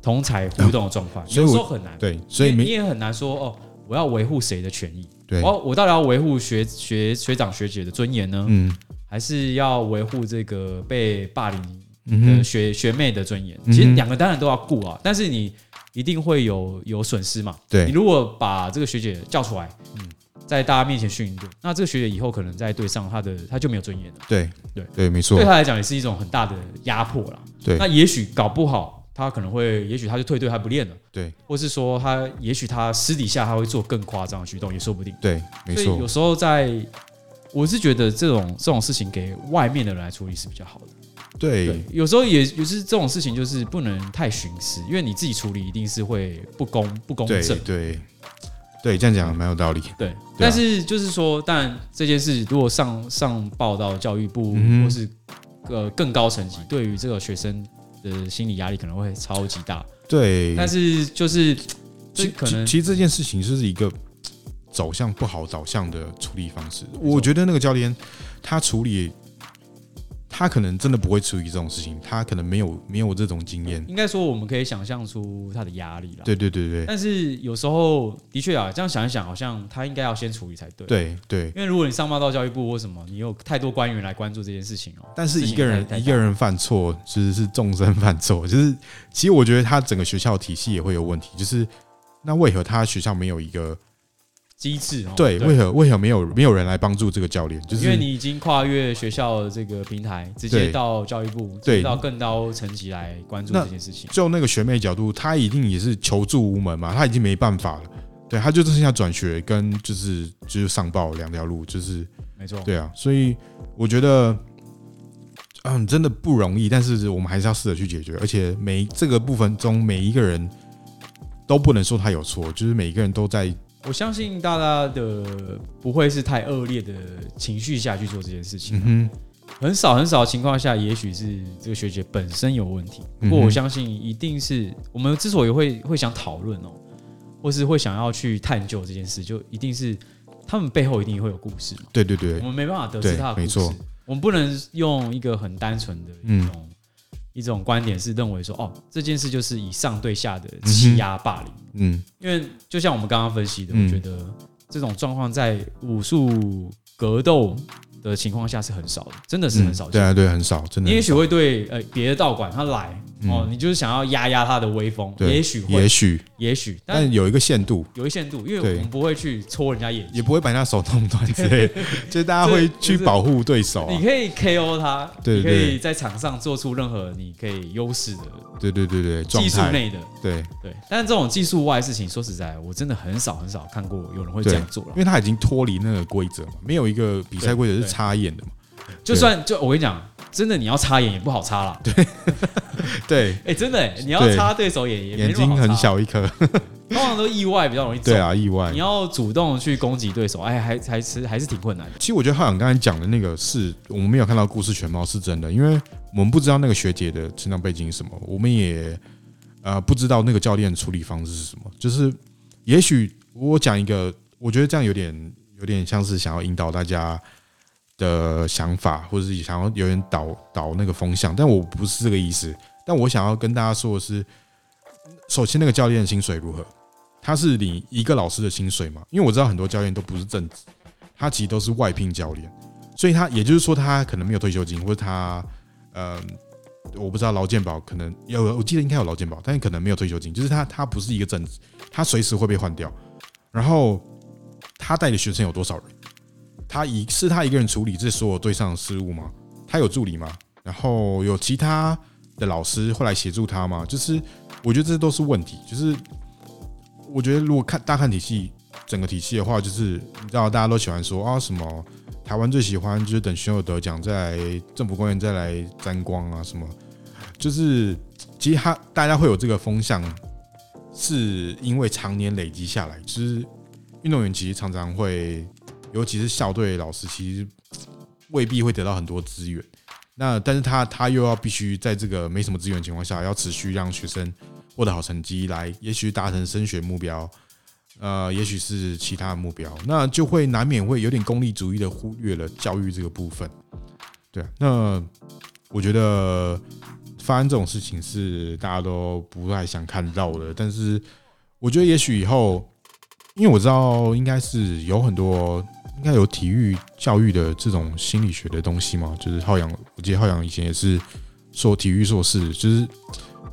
S2: 同儕互動的狀況，有時候很難。對，所以也你也很難說哦，我要維護誰的權益？對，我我到底要維護學學學長學姐的尊嚴呢？嗯。還是要維護這個被霸凌的學學妹的尊嚴、嗯哼。其實兩個當然都要顧啊，嗯、哼但是你一定會有有損失嘛。對，你如果把這個學姐叫出來，嗯、在大家面前訓一頓，那這個學姐以後可能在隊上她的，她就沒有尊嚴
S1: 了。對對對，沒錯，對她來
S2: 講也是一種很大的壓迫了。對，那也許搞不好，她可能會，也許她就退隊，她不練了。對，或是說她，也許她私底下她會做更誇張的舉動，也說不定。對，沒錯，所以有時候在。我是覺得這種這種事情，給外面的人來處理是比較好的，對。對，有時候也也是這種事情，就是不能太徇私，因為你自己處理一定是會不公、不公正。對，
S1: 對，對，這樣講蠻對有道理。對，對，但是
S2: 就是說，當然這件事如果上上報到教育部、嗯、哼或是呃更高層級，對於這個學生的心理壓力可能會超級大。
S1: 對，但是就是，就可能其，其，其實這件事情就是，是一個。走向不好走向的處理方式，我覺得那個教練他處理，他可能真的不會處理這種事情，他可能沒有沒有這種經驗。
S2: 應該說，我們可以想象出他的壓力了。
S1: 對對對對。但
S2: 是有時候的確啊，這樣想一想，好像他應該要先處理才對。對對，因為如果你上報到教育部或什麼，你有太多官員來關注這件事情哦。但是一個人一個
S1: 人犯錯，其實是眾生犯錯，就是其實我覺得他整個學校體系也會有問題。就是那為何他學校沒有一個？
S2: 機制、哦、對，對，為何為何
S1: 沒有沒有人來幫助這個教練？就是因為你
S2: 已經跨越學校的這個平台，直接到教育部，對，直接到更高層級來關注那這件事
S1: 情。就那個學妹角度，她一定也是求助無門嘛，她已經沒辦法了。對，她就剩下轉學跟就是就是上報兩條路，就是沒錯錯。對啊，所以我覺得，嗯，真的不容易。但是我們還是要試着去解決。而且每這個部分中，每一個人都不能說他有錯，就是每一個人都在。
S2: 我相信大家的不會是太惡劣的情緒下去做這件事情。嗯，很少很少的情況下，也許是這個學姐本身有問題。不過我相信，一定是我們之所以會會想討論哦，或是會想要去探究這件事，就一定是他們背後一定會有故事。
S1: 對對對，我們沒辦法得知他的故事，
S2: 我們不能用一個很單純的一種。一種觀點是認為說，哦，這件事就是以上對下
S1: 的欺壓霸凌。嗯，
S2: 嗯，因為就像我們剛剛分析的，嗯、我覺得這種狀況在武術格鬥的情況下是很少的，真的是很少、嗯、對啊，
S1: 對，很少，真
S2: 的，的。你也許會對呃別、欸、的道館他來。哦，你就是想要壓壓他的威風，也許，也
S1: 許，也許，但有一個限度，
S2: 有一限度，因為我們不會去戳人家眼睛，也不
S1: 會把人家手弄斷之類的，就大家會去保護對手。你
S2: 可以 KO 他，對，你可以在場上做出任何你可以優勢的，對對對對，技術內的，對對。但是這種技術外的事情，說實在，我真的很少很少看過有人會這樣做，因為他已
S1: 經脫離那個規則嘛，沒有一個比賽規則是插眼的嘛。就算對
S2: 就我跟你講，真的你要插眼也不好插了。對對，哎，欸、真的、欸、你要插對手眼，眼睛很小一顆，往往都意外比較容易。對啊，意外。你要主動去攻擊對手，哎，還還是還是挺困難
S1: 的。其實我覺得浩洋剛才講的那個是我們沒有看到故事全貌是真的，因為我們不知道那個學姐的成長背景是什麼，我們也呃不知道那個教練處理方式是什麼。就是也許我講一個，我覺得這樣有點有點像是想要引導大家的想法，或者是想要有點導導那個風向，但我不是這個意思。但我想要跟大家說的是，首先那個教練的薪水如何？他是你一個老師的薪水嗎？因為我知道很多教練都不是正職，他其實都是外聘教練，所以他，也就是說他可能沒有退休金，或者他、呃、我不知道勞健保可能有，我記得應該有勞健保，但是可能沒有退休金，就是他他不是一個正職，他隨時會被換掉。然後他帶的學生有多少人？他一是他一個人處理這所有對上的事務嗎？他有助理嗎？然後有其他的老師會來協助他嗎？就是我覺得這都是問題。就是我覺得如果看大看體系整個體系的話，就是你知道大家都喜歡說啊什麼台灣最喜歡就是等選手得獎再來政府官員再來沾光啊什麼。就是其實他大家會有這個風向，是因為常年累積下來，就是其實運動員其實常常會。尤其是校隊老師，其實未必會得到很多資源。那但是他他又要必須在這個沒什麼資源的情況下，要持續讓學生獲得好成績，來，也許達成升學目標，呃，也許是其他的目標。那就會難免會有點功利主義的，忽略了教育這個部分。對，那我覺得發生這種事情是大家都不太想看到的。但是，我覺得也許以後，因為我知道應該是有很多。應該有體育教育的這種心理學的東西嗎？就是浩仰，我記得浩仰以前也是說體育碩士。就是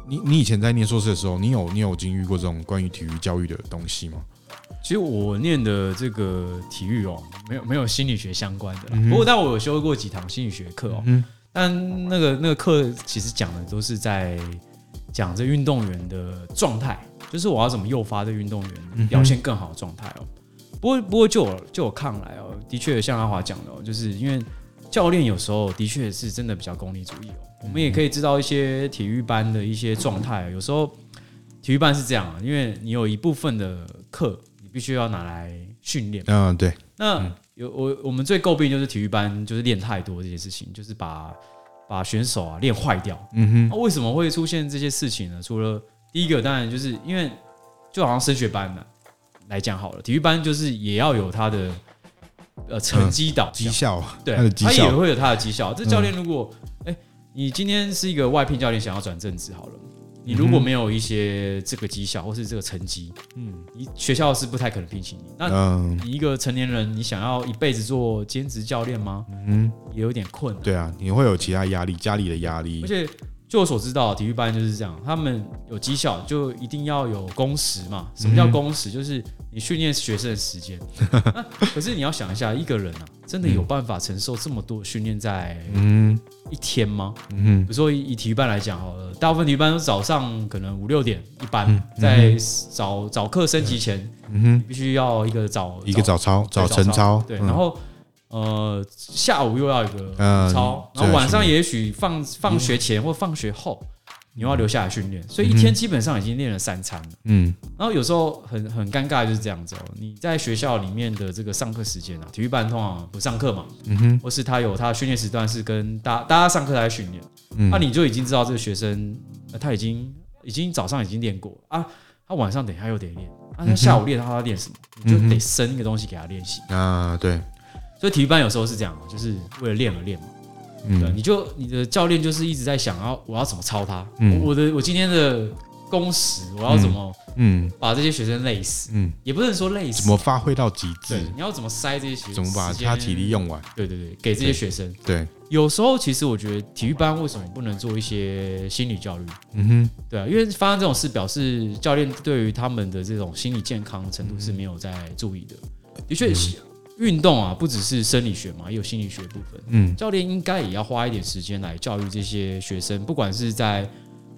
S1: 你，你以前在念碩士的時候，你有你有經歷過這種關於體育教育的東西嗎？其
S2: 實我念的這個體育哦，沒有沒有心理學相關的啦。嗯、哼不過，但我有修過幾堂心理學課哦。嗯、哼但那個那個課其實講的都是在講這運動員的狀態，就是我要怎麼誘發這運動員表現更好的狀態哦。嗯不過，不過就我，就我看來哦，的確像阿華講的哦，就是因為教練有時候的確是真的比較功利主義哦。我們也可以知道一些體育班的一些狀態，有時候體育班是這樣，因為你有一部分的課你必須要拿來訓練。嗯，對。那有我，我們最詬病就是體育班就是練太多這些事情，就是把把選手啊練壞掉。嗯哼。那為什麼會出現這些事情呢？除了第一個，當然就是因為就好像升學班了。來講好了，體育班就是也要有他的呃成績導、呃、績效，對，他的他也會有他的績效。這教練如果、嗯、誒你今天是一個外聘教練，想要轉正職好了，你如果沒有一些這個績效或是這個成績，嗯，你學校是不太可能聘請你。那你、嗯、你一個成年人，你想要一輩子做兼職教練嗎？嗯，也有點
S1: 困難。對啊，你會有其他壓力，家裡的壓力，而
S2: 且。就我所知道，體育班就是這樣，他們有績效，就一定要有工時嘛。什麼叫工時？嗯、哼就是你訓練學生的時間、嗯哼啊。可是你要想一下，一個人啊，真的有辦法承受這麼多訓練在一天嗎？嗯、哼比如說以，以體育班來講好了，大部分體育班都早上可能五六點一班，嗯、哼在早早課升旗前，嗯、哼，必須要一個早一個早操，早晨操，對，嗯、然後。呃，下午又要一個操，啊、然後晚上也許放、嗯、放學前或放學後，你又要留下來訓練，所以一天基本上已經練了三餐了。嗯，然後有時候很很尷尬就是這樣子哦、喔。你在學校裡面的這個上課時間啊，體育班通常不上課嘛，嗯哼，或是他有他訓練時段是跟大大家上課在訓練，那、嗯啊、你就已經知道這個學生他已經已經早上已經練過啊，他晚上等一下又得練，那、啊、他下午練他要練什麼，嗯、哼你就得生一個東西給他練習、嗯嗯、
S1: 啊，對。
S2: 所以體育班有時候是這樣，就是為了練而練嘛。嗯，對，你就你的教練就是一直在想要我要怎麼操他，嗯，我的我今天的工時我要怎麼，嗯，把這些學生累死，嗯，也不能說累死，怎麼發揮到極致？你要怎麼塞這些學生？怎麼把他體力用完？對對對，給這些學生。對，有時候其實我覺得體育班為什麼不能做一些心理教育？嗯哼，對啊，因為發生這種事，表示教練對於他們的這種心理健康程度是沒有在注意的。的確是。運動啊，不只是生理學嘛，也有心理學的部分。嗯，教練應該也要花一點時間來教育這些學生，不管是在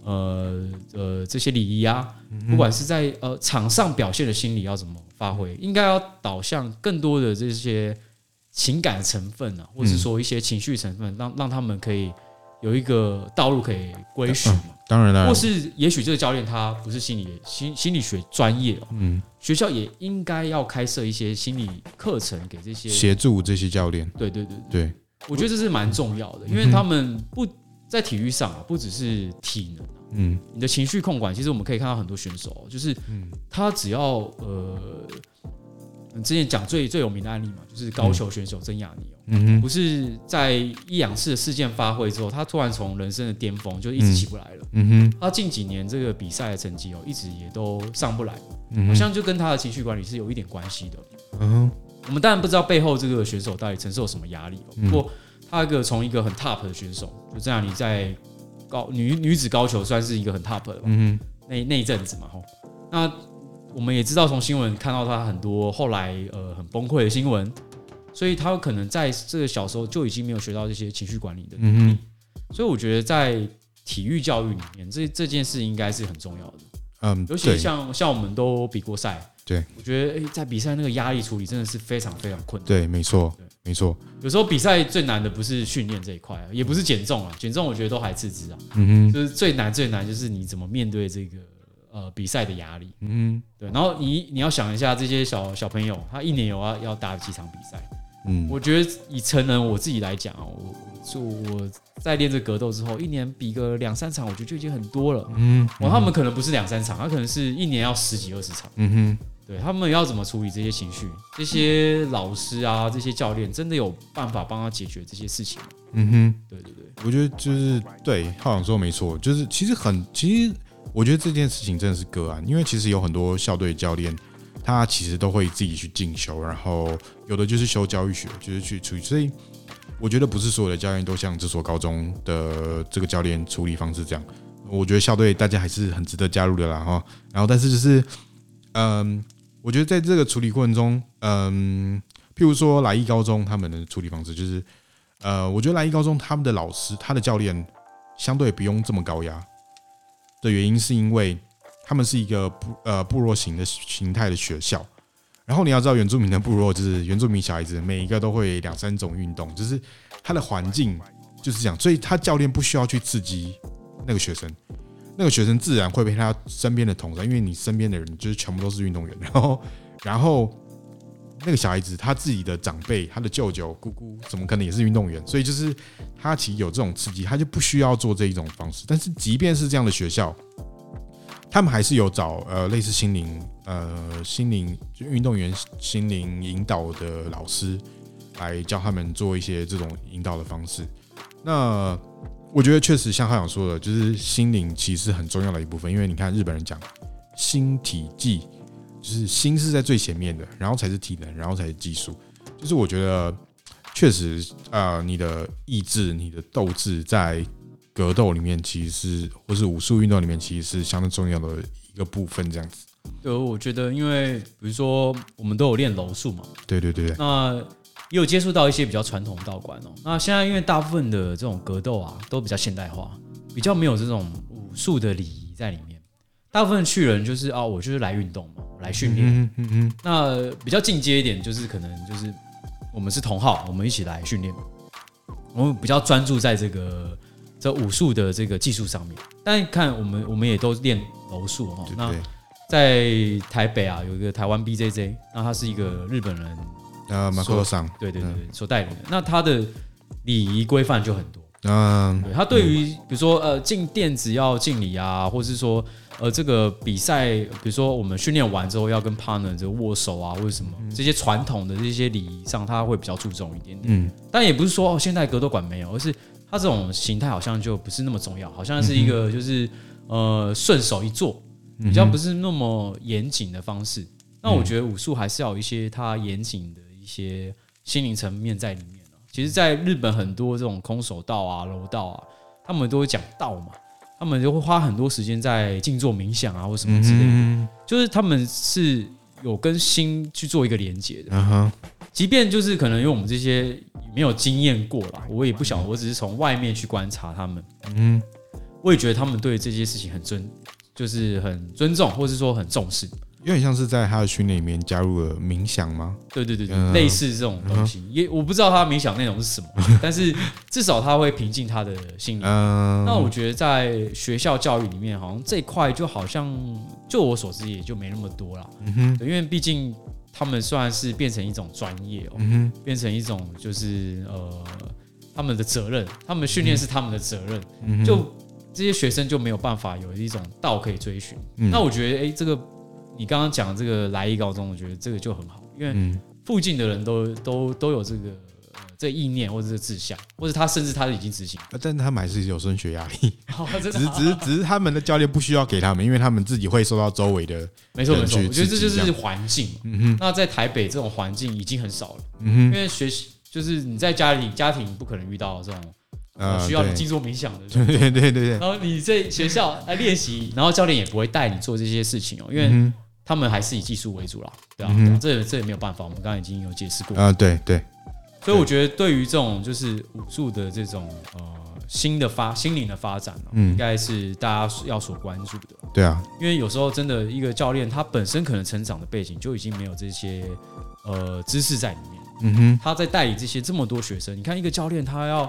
S2: 呃呃這些禮儀啊，不管是在呃場上表現的心理要怎麼發揮，應該要導向更多的這些情感成分呢、啊，或者說一些情緒成分，嗯、讓讓他們可以。有一個道路可以歸許嘛、嗯？當然啦。或是也許這個教練他不是心理心理學專業、喔、嗯，學校也應該要開設一些心理課程給這些協助
S1: 這些教練。對對對對，對
S2: 我覺得這是蠻重要的，嗯、因為他們不在體育上、啊，不只是體能、啊。嗯，你的情緒控管，其實我們可以看到很多選手、喔，就是嗯，他只要呃。之前講最最有名的案例嘛，就是高球選手曾雅妮、喔嗯嗯嗯、不是在一兩次的事件發揮之後，她突然從人生的巔峰，就一直起不來了。她、嗯嗯嗯嗯、近幾年這個比賽的成績哦、喔，一直也都上不來，嗯嗯、好像就跟她的情緒管理是有一點關係的。嗯、我們當然不知道背後這個選手到底承受什麼壓力、喔嗯、不過她一個從一個很 top 的選手，就曾雅妮在高女女子高球算是一個很 top 的、喔，吧、嗯嗯，那那一陣子嘛、喔，吼，那。我們也知道，從新聞看到他很多後來呃很崩潰的新聞，所以他有可能在這個小時候就已經沒有學到這些情緒管理的嗯哼，所以我覺得在體育教育裡面，這這件事應該是很重要的。
S1: 嗯，尤其像、
S2: 嗯、像我們都比過賽，對我覺得哎，在比賽那個壓力處理真的是非常非常
S1: 困難。對，沒錯，沒錯。
S2: 有時候比賽最難的不是訓練這一塊，也不是減重啊，減重我覺得都還自知啊。嗯哼，就是最難最難就是你怎麼面對這個。呃，比賽的壓力，嗯哼，對。然後你你要想一下，這些小小朋友，他一年有啊要，要打幾場比賽，嗯，我覺得以成人我自己來講啊，我就我在練這格鬥之後，一年比個兩三場，我覺得就已經很多了，嗯哼。我他們可能不是兩三場，他可能是一年要十幾二十場，嗯哼，對他們要怎麼處理這些情緒？這些老師啊，這些教練真的有辦法幫他解決這些事情，嗯
S1: 哼，對對對，我覺得就是對浩仰說沒錯，就是其實很其實。我覺得這件事情真的是個案，因為其實有很多校隊的教練，他其實都會自己去進修，然後有的就是修教育學，就是去處理。所以我覺得不是所有的教練都像這所高中的這個教練處理方式這樣。我覺得校隊大家還是很值得加入的啦，齁。然後，但是就是，嗯，我覺得在這個處理過程中，嗯，譬如說來義高中他們的處理方式就是，呃，我覺得來義高中他們的老師他的教練相對不用這麼高壓。的原因是因為他們是一個部呃部落型的形態的學校，然後你要知道原住民的部落就是原住民小孩子每一個都會兩三種運動，就是他的環境就是這樣。所以他教練不需要去刺激那個學生，那個學生自然會被他身邊的同在，因為你身邊的人就是全部都是運動員，然後然後。那個小孩子，他自己的長輩，他的舅舅、姑姑，怎麼可能也是運動員？所以就是他其實有這種刺激，他就不需要做這一種方式。但是即便是這樣的學校，他們還是有找呃類似心靈呃心靈就運動員心靈引導的老師來教他們做一些這種引導的方式。那我覺得確實像他想說的，就是心靈其實很重要的一部分，因為你看日本人講心體技。就是心是在最前面的，然後才是體能，然後才是技術。就是我覺得，確實，呃，你的意志、你的鬥志，在格鬥裡面其實是，或是武術運動裡面其實是相當重要的一個部分。這樣子，
S2: 對，我覺得，因為比如說我們都有練柔術嘛，
S1: 對對對對，那
S2: 也有接觸到一些比較傳統道館哦。那現在因為大部分的這種格鬥啊，都比較現代化，比較沒有這種武術的禮儀在裡面。大部分的去人就是啊，我就是來運動嘛，來訓練、嗯。嗯嗯嗯。那比較進階一點，就是可能就是我們是同好，我們一起來訓練。我們比較專注在這個這武術的這個技術上面。但看我們我們也都練柔術哈、哦。對對對，那在台北啊，有一個台灣 BJJ，那他是一個日本人。啊，馬克羅桑。對對對、對，嗯、所帶領的。那他的禮儀規範就很多。
S1: 嗯對。
S2: 他對於比如說呃進店子要敬禮啊，或是說。呃，而這個比賽，比如說我們訓練完之後要跟 partner 握手啊，或者什麼這些傳統的這些禮儀上，他會比較注重一點點。嗯、但也不是說哦，現代格鬥館沒有，而是他這種形態好像就不是那麼重要，好像是一個就是、嗯、哼呃順手一做，比較不是那麼嚴謹的方式。那、嗯、哼我覺得武術還是要有一些它嚴謹的一些心靈層面在裡面。其實在日本很多這種空手道啊、柔道啊，他們都會講道嘛。他們就會花很多時間在靜坐冥想啊，或什麼之類的，就是他們是有跟心去做一個連接的。嗯哼，即便就是可能因為我們這些沒有經驗過吧，我也不曉得，我只是從外面去觀察他們。
S1: 嗯，
S2: 我也覺得他們對這些事情很尊，就是很尊重，或者
S1: 說很重視。有點像是在他的訓練裡面加入了冥想嗎？對對對對，嗯、哼類似這種東
S2: 西，嗯、哼也我不知道他冥想內容是什麼， 但是至少他會平靜他的心理。
S1: 嗯、那我覺
S2: 得在學校教育裡面，好像這一塊就好像就我所知也就沒那麼多了、嗯哼。因為畢竟他們算是變成一種專業哦、喔，嗯、哼變成一種就是呃他們的責任，他們訓練是他們的責任，嗯、哼就這些學生就沒有辦法有一種道可以追尋。嗯、那我覺得哎、欸、這個。你剛剛講這個來義高中，我覺得這個就很好，因為附近的人都都都有這個、呃、這個、意念或者這志向，
S1: 或者他甚至他已經執行，但是他們還是有升學壓力，只、哦啊、只是只是，只是他們的教練不需要給他們，因為他們自己會受到周圍的。沒錯沒錯，我覺得這就是環境嘛。嗯哼，
S2: 那在台北這種環境已經很少了。嗯哼，嗯哼因為學習就是你在家裡家庭不可能遇到的這種。需要你靜坐冥想的，對對對對對。然後你在學校來練習，然後教練也不會帶你做這些事情哦，因為他們還是以技術為主了，對啊，這、啊、這也沒有辦法，我們剛剛已經有解釋過啊，對對。所以我覺得，對於這種就是武術的這種呃新的發心靈的發展呢，應該是大家要所關注的。對啊，因為有時候真的一個教練，他本身可能成長的背景就已經沒有這些呃知識在裡面。嗯哼，他在帶領這些這麼多學生，你看一個教練他要。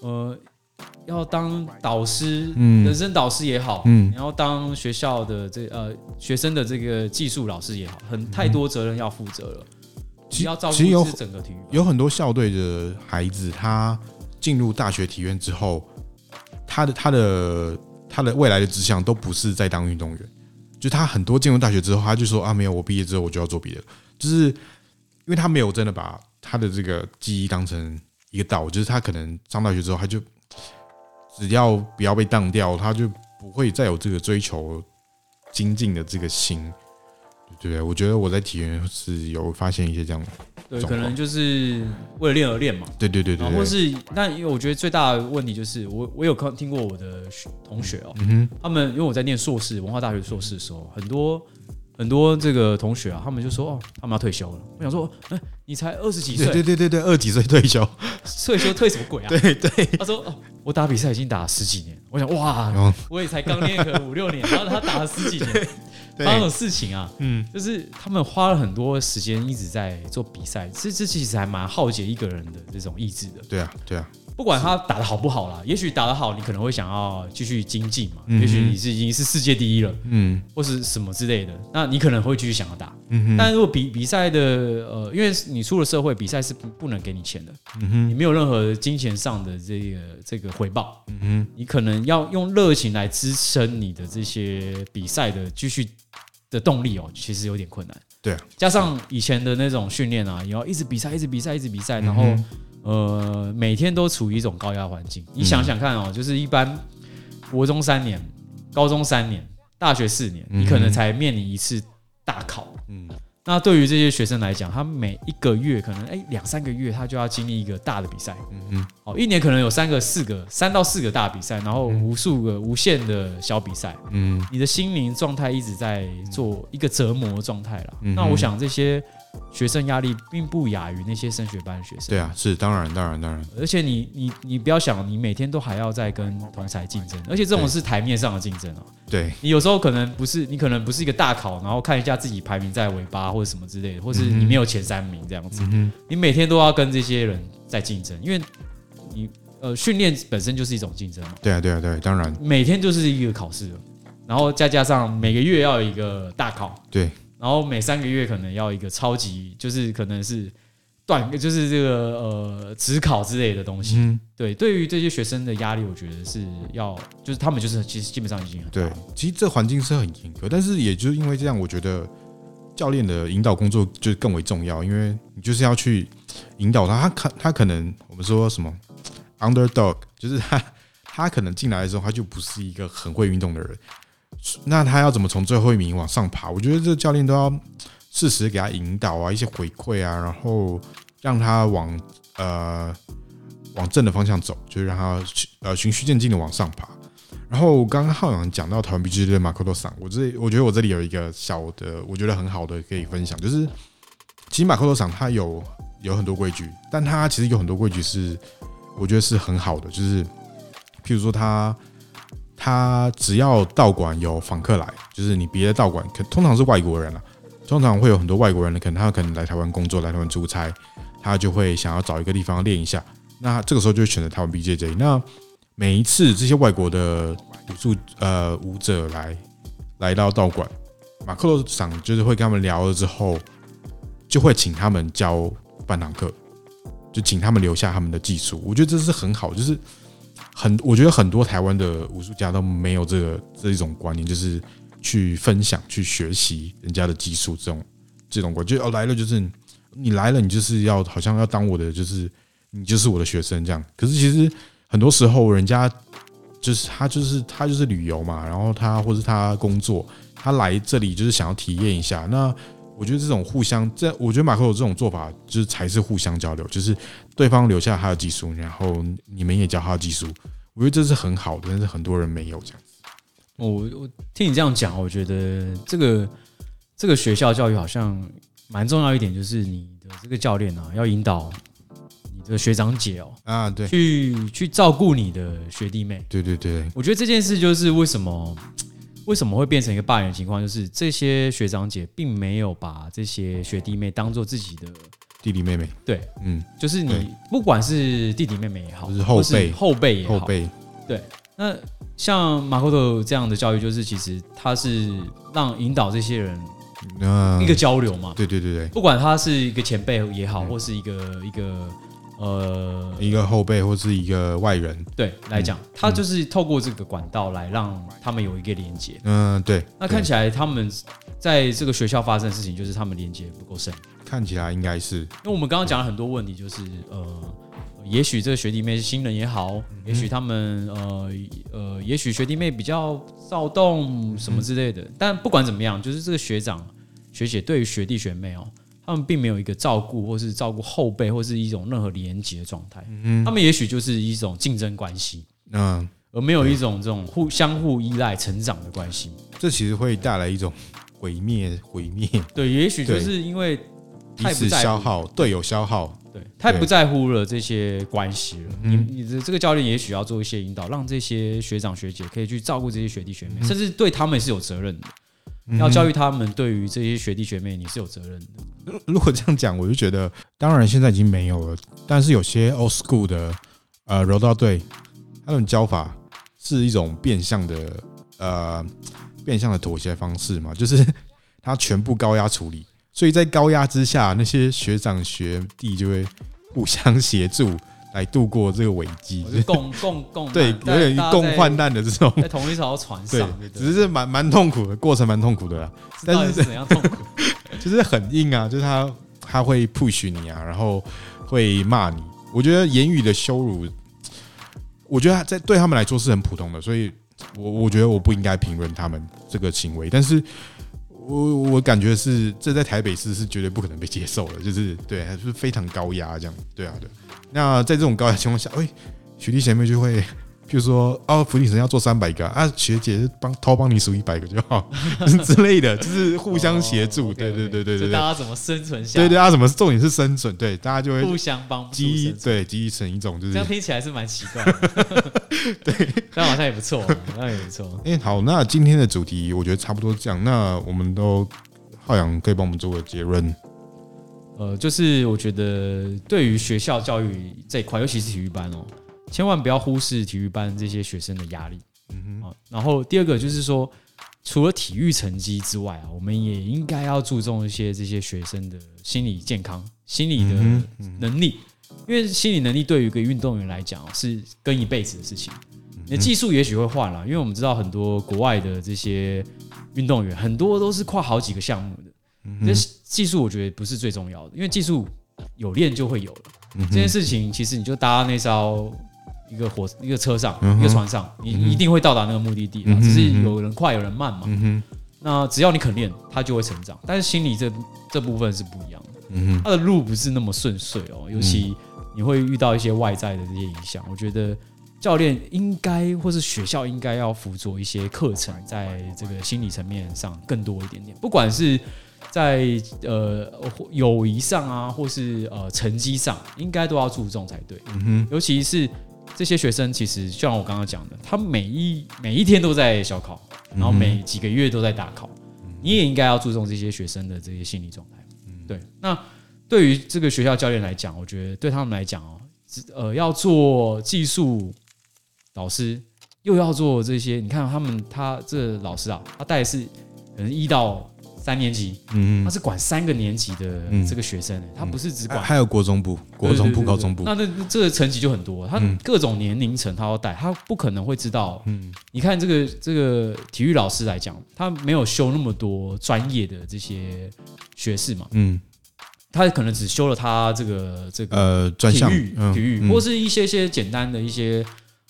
S2: 呃，要當導師，嗯，人生導師也好，嗯，然後、嗯、當學校的這呃學生的這個技術老師也好，很太多責任要負責了。其實、嗯，其實要照顧整個體育
S1: 有，有很多校隊的孩子，他進入大學體院之後，他的他的他的未來的志向都不是在當運動員。就他很多進入大學之後，他就說啊，沒有，我畢業之後我就要做別的，就是因為他沒有真的把他的這個記憶當成。一個島，就是他可能上大學之後，他就只要不要被當掉，他就不會再有這個追求精進的這個心，對,對,對我覺得我在體驗是有發現一些這樣
S2: 的，對，可能就是為了練而練嘛，對對,對對對對，或是那因為我覺得最大的問題就是，我我有看聽過我的同學哦，嗯哼，他們因為我在念碩士，文化大學碩士的時候，很多。很多這個同學啊，他們就說哦，他們要退休了。我想說，哎、欸，你才二十幾歲，對對對對，二十幾歲退休， 退休退什麼鬼啊？對對、對，他說哦，我打比賽已經打了十幾年。我想哇，我也才剛練了五六年， 然後他打了十幾年，發生事情啊，嗯，就是他們花了很多時間一直在做比賽，這這其實還蠻耗竭一個人的這種意志的。對啊，對啊。不管他打得好不好啦，是也許打得好，你可能會想要繼續精進嘛。嗯、哼也許你是已經是世界第一了，嗯，或是什麼之類的，那你可能會繼續想要打。嗯哼。但如果比比賽的呃，因為你出了社會，比賽是不不能給你錢的。嗯哼。你沒有任何金錢上的這個這個回報。嗯哼。你可能要用熱情來支撐你的這些比賽的繼續的動力哦，其實有點困難。對啊。加上以前的那種訓練啊，你要一直比賽，一直比賽，一直比賽，比嗯、哼然後。呃，每天都處於一種高壓環境。你想想看哦，嗯嗯就是一般國中三年、高中三年、大學四年，嗯嗯你可能才面臨一次大考。嗯，嗯，那對於這些學生來講，他每一個月可能誒，兩三個月，他就要經歷一個大的比賽。嗯嗯，哦，一年可能有三個、四個、三到四個大比賽，然後無數個無限的小比賽。嗯，嗯，你的心靈狀態一直在做一個折磨狀態啦。嗯嗯那我想這些。學生壓力並不亞於那些升學班的學生。對啊，
S1: 是當然，當然，當然。
S2: 而且你你你不要想，你每天都還要再跟同儕競爭，而且這種是台面上的競爭哦、啊。對。你有時候可能不是，你可能不是一個大考，然後看一下自己排名在尾巴或者什麼之類的，或是你沒有前三名這樣子。嗯。嗯，你每天都要跟這些人在競爭，因為你呃訓練本身就是一種競爭。
S1: 對啊，對啊，對，當然。每天
S2: 就是一個考試，然後再加，加上每個月要有一個大考。對。然後每三個月可能要一個超級，就是可能是段，就是這個呃，段考之類的東西。嗯，對，對於這些學生的壓力，我覺得是要，就是他們就是其實基本上已經很
S1: 對。其實這環境是很嚴格，但是也就因為這樣，我覺得教練的引導工作就更為重要，因為你就是要去引導他，他可他可能我們說什麼 underdog，就是他他可能進來的時候他就不是一個很會運動的人。那他要怎麼從最後一名往上爬？我覺得這教練都要適時給他引導啊，一些回饋啊，然後讓他往呃往正的方向走，就是讓他呃循序漸進的往上爬。然後剛剛浩仰講到台灣 B 級的馬可多桑，我這裡我覺得我這裡有一個小的，我覺得很好的可以分享，就是其實馬可多桑他有有很多規矩，但他其實有很多規矩是我覺得是很好的，就是譬如說他。他只要道館有訪客來，就是你別的道館可通常是外國人啊，通常會有很多外國人呢，可能他可能來台灣工作，來台灣出差，他就會想要找一個地方練一下。那這個時候就會選擇台灣 BJJ。那每一次這些外國的武術呃舞者來來到道館，馬克羅桑就是會跟他們聊了之後，就會請他們教半堂課，就請他們留下他們的技術。我覺得這是很好，就是。很，我覺得很多台灣的武術家都沒有這個這一種觀念，就是去分享、去學習人家的技術這種這種觀念就。哦，來了就是你，你來了，你就是要好像要當我的，就是你就是我的學生這樣。可是其實很多時候，人家就是他，就是他、就是，他就是旅遊嘛，然後他或是他工作，他來這裡就是想要體驗一下那。我覺得這種互相，這我覺得馬克有這種做法，就是才是互相交流，就是對方留下他的技術，然後你們也教他的技術。我覺得這是很好的，但是很多人沒有這樣。
S2: 我我聽你這樣講，我覺得這個這個學校教育好像蠻重要一點，就是你的這個教練啊，要引導你的學長姐哦，啊對，去去照顧你的學弟妹。對對對，我覺得這件事就是為什麼。為什麼會變成一個霸凌的情況？就是這些學長姐並沒有把這些學弟妹當做自己的弟弟妹妹。對，嗯，就是你不管是弟弟妹妹也好，或是後輩，或是後輩後輩也好，後輩。對。那像馬克特這樣的教育，就是其實他是讓引導這些人一個交流嘛。呃，對對對對，不管他是一個前輩也好，對，或是一個一個。呃，一
S1: 個後輩或是一個外人，對來講，
S2: 嗯、他就是透過這個管道來讓他們有一個連接。嗯，對。對，那看起來他們在這個學校發生的事情，就是他們連接不夠深。看起來應該是，因為我們剛剛講了很多問題，就是對呃，也許這個學弟妹是新人也好，嗯、也許他們、嗯、呃呃，也許學弟妹比較躁動什麼之類的。嗯、但不管怎麼樣，就是這個學長學姐對於學弟學妹哦、喔。他們並沒有一個照顧，或是照顧後輩，或是一種任何連接的狀態。他們也許就是一種競爭關係，嗯，而
S1: 沒有一種這種互相互依賴、成長的關係。嗯、這其實會帶來一種毀滅，毀滅。對，也許就是因為太不在乎隊友消耗，對，
S2: 太不在乎了這些關係了。嗯、你你的這個教練也許要做一些引導，讓這些學長學姐可以去照顧這些學弟學妹，嗯嗯、甚至對他們也是有責任的。要教育他們，對於這些學弟學妹，你是有責任
S1: 的，嗯。如果這樣講，我就覺得，當然現在已經沒有了。但是有些 old school 的呃柔道隊，他那種教法是一種變相的呃變相的妥協方式嘛，就是他全部高壓處理，所以在高壓之下，那些學長學弟就會互相協助。來度過這個危機，哦，共共共對，有點共患難的這種，在同一艘船上，只是蠻蠻痛苦的，過程蠻痛苦的啦。但是，是怎樣痛苦，是 就是很硬啊，就是他他會 push 你啊，然後會罵你。我覺得言語的羞辱，我覺得在對他們來說是很普通的，所以我，我我覺得我不應該評論他們這個行為，但是我，我我感覺是這在台北市是絕對不可能被接受的，就是對，還、就是非常高壓這樣，對啊，對。那在這種高壓情況下，喂、欸，學弟學妹就會，譬如說，哦，伏地挺身要做三百個啊，啊，學姐是幫偷幫你數一百個就好，之類的，就是互相協助，哦、對對對對對。Okay, okay, 就大家怎麼生存下？對對，對啊，怎麼重點是生存？對，大家就會互相幫助，對，積聚成一種就是。這樣聽起來是蠻奇怪， 對，但好像也不錯，好像 也不錯。哎、欸，好，那今天的主題我覺得差不多這樣，那我們都浩仰可以幫我們做個結論。
S2: 呃，就是我覺得對於學校教育這一塊，尤其是體育班哦，千萬不要忽視體育班這些學生的壓力。嗯哼。啊，然後第二個就是說，除了體育成績之外啊，我們也應該要注重一些這些學生的心理健康、心理的能力，嗯嗯、因為心理能力對於一個運動員來講、啊、是跟一輩子的事情。那、嗯、哼、技術也許會換了，因為我們知道很多國外的這些運動員，很多都是跨好幾個項目的。那、嗯、技術我覺得不是最重要的，因為技術有練就會有了。嗯、哼這件事情其實你就搭那艘一個火一個車上、嗯、哼一個船上，嗯、哼你一定會到達那個目的地了。嗯、哼只是有人快有人慢嘛。嗯、哼那只要你肯練，他就會成長。嗯、哼但是心理這這部分是不一樣的，嗯、哼他的路不是那麼順遂哦。尤其你會遇到一些外在的這些影響。嗯、哼我覺得教練應該或是學校應該要輔佐一些課程，在這個心理層面上更多一點點，不管是。在呃友誼上啊，或是呃成績上，應該都要注重才對。嗯、哼尤其是這些學生，其實像我剛剛講的，他每一每一天都在小考，然後每幾個月都在大考，嗯、哼你也應該要注重這些學生的這些心理狀態。嗯哼，對。那對於這個學校教練來講，我覺得對他們來講哦，呃，要做技術老師，又要做這些，你看他們他，他這老師啊，他帶是可能一到三年級，嗯，他是管三個年級的這個學生，嗯、他不是只管，還
S1: 有國中部、國中部、高中部，那
S2: 這這個層級就很多，嗯、他各種年齡層他要帶，他不可能會知道，嗯，你看這個這個體育老師來講，他沒有修那麼多專業的這些學士嘛，嗯，他可能只修了他這個這個呃專項、嗯、體育，體育、嗯、或是一些些簡單的一些。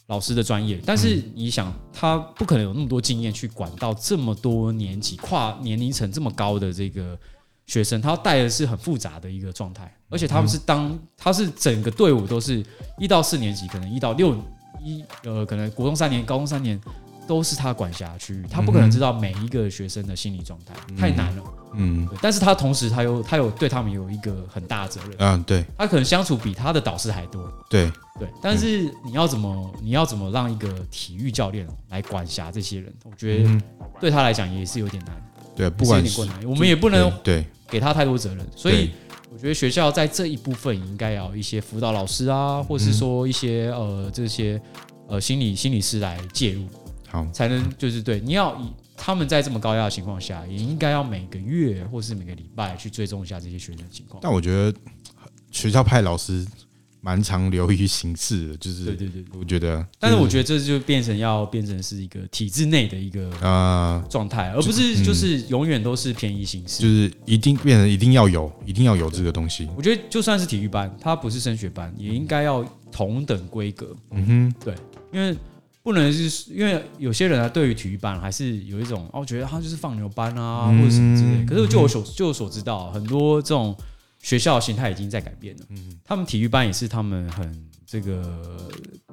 S2: 老師的專業，但是你想，嗯、他不可能有那麼多經驗去管到這麼多年級、跨年齡層這麼高的這個學生，他帶的是很複雜的一個狀態，而且他們是當、嗯、他是整個隊伍都是一到四年級，可能一到六一呃，可能國中三年，高中三年。都是他管轄區域，他不可能知道每一個學生的心理狀態，嗯、哼太難了。嗯哼，但是他同時他又他有對他們有一個很大的責任。嗯、啊，對，他可能相處比他的導師還多。
S1: 對，
S2: 對，但是你要怎麼、嗯、你要怎麼讓一個體育教練來管轄這些人？我覺得對他來講也是有點難。對，不管你過來，我們也不能對給他太多責任。對所以我覺得學校在這一部分應該要一些輔導老師啊，嗯、哼或是說一些呃這些呃心理心理師來介入。才能，就是對，你要以他們在這麼高壓的情況下，也應該要每個月或是每個禮拜去追蹤一下這些學生的情況。
S1: 但我覺得學校派老師蠻常流於形式的，就是對對對，對，我覺得。但是我
S2: 覺得這就變成要變成是一個體制內的一個呃狀態，而不是就是永遠都是便
S1: 宜形式，嗯，就是一定變成一定要有，一定要有這個東西。
S2: 我覺得就算是體育班，它不是升學班，也應該要同等規格。嗯哼，對，因為。不能是因為有些人啊，對於體育班還是有一種哦，啊、覺得他就是放牛班啊，嗯、或者什麼之類的。可是就我所就我所知道，很多這種學校的形態已經在改變了。嗯嗯，他們體育班也是他們很這個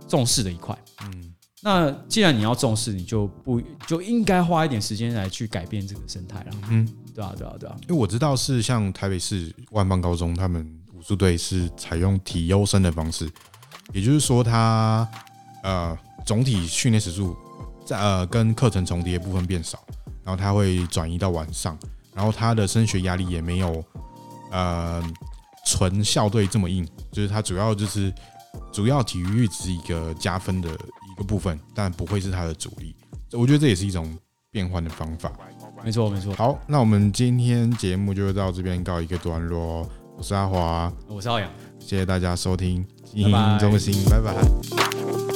S2: 重視的一塊。嗯，那既然你要重視，你就不就應該花一點時間來去改變這個生態了。嗯，對啊，對啊，對啊。
S1: 因為我知道是像台北市萬芳高中，他們武術隊是採用體優生的方式，也就是說他。呃，總體訓練時數在呃跟課程重疊的部分變少，然後他會轉移到晚上，然後他的升學壓力也沒有呃純校隊這麼硬，就是他主要就是主要體育只是一個加分的一個部分，但不會是他的主力。我覺得這也是一種變換的方法。沒錯，沒錯。好，那我們今天節目就到這邊告一個段落，哦。我是阿華，我是浩仰，謝謝大家收聽菁英中心，拜拜。拜拜。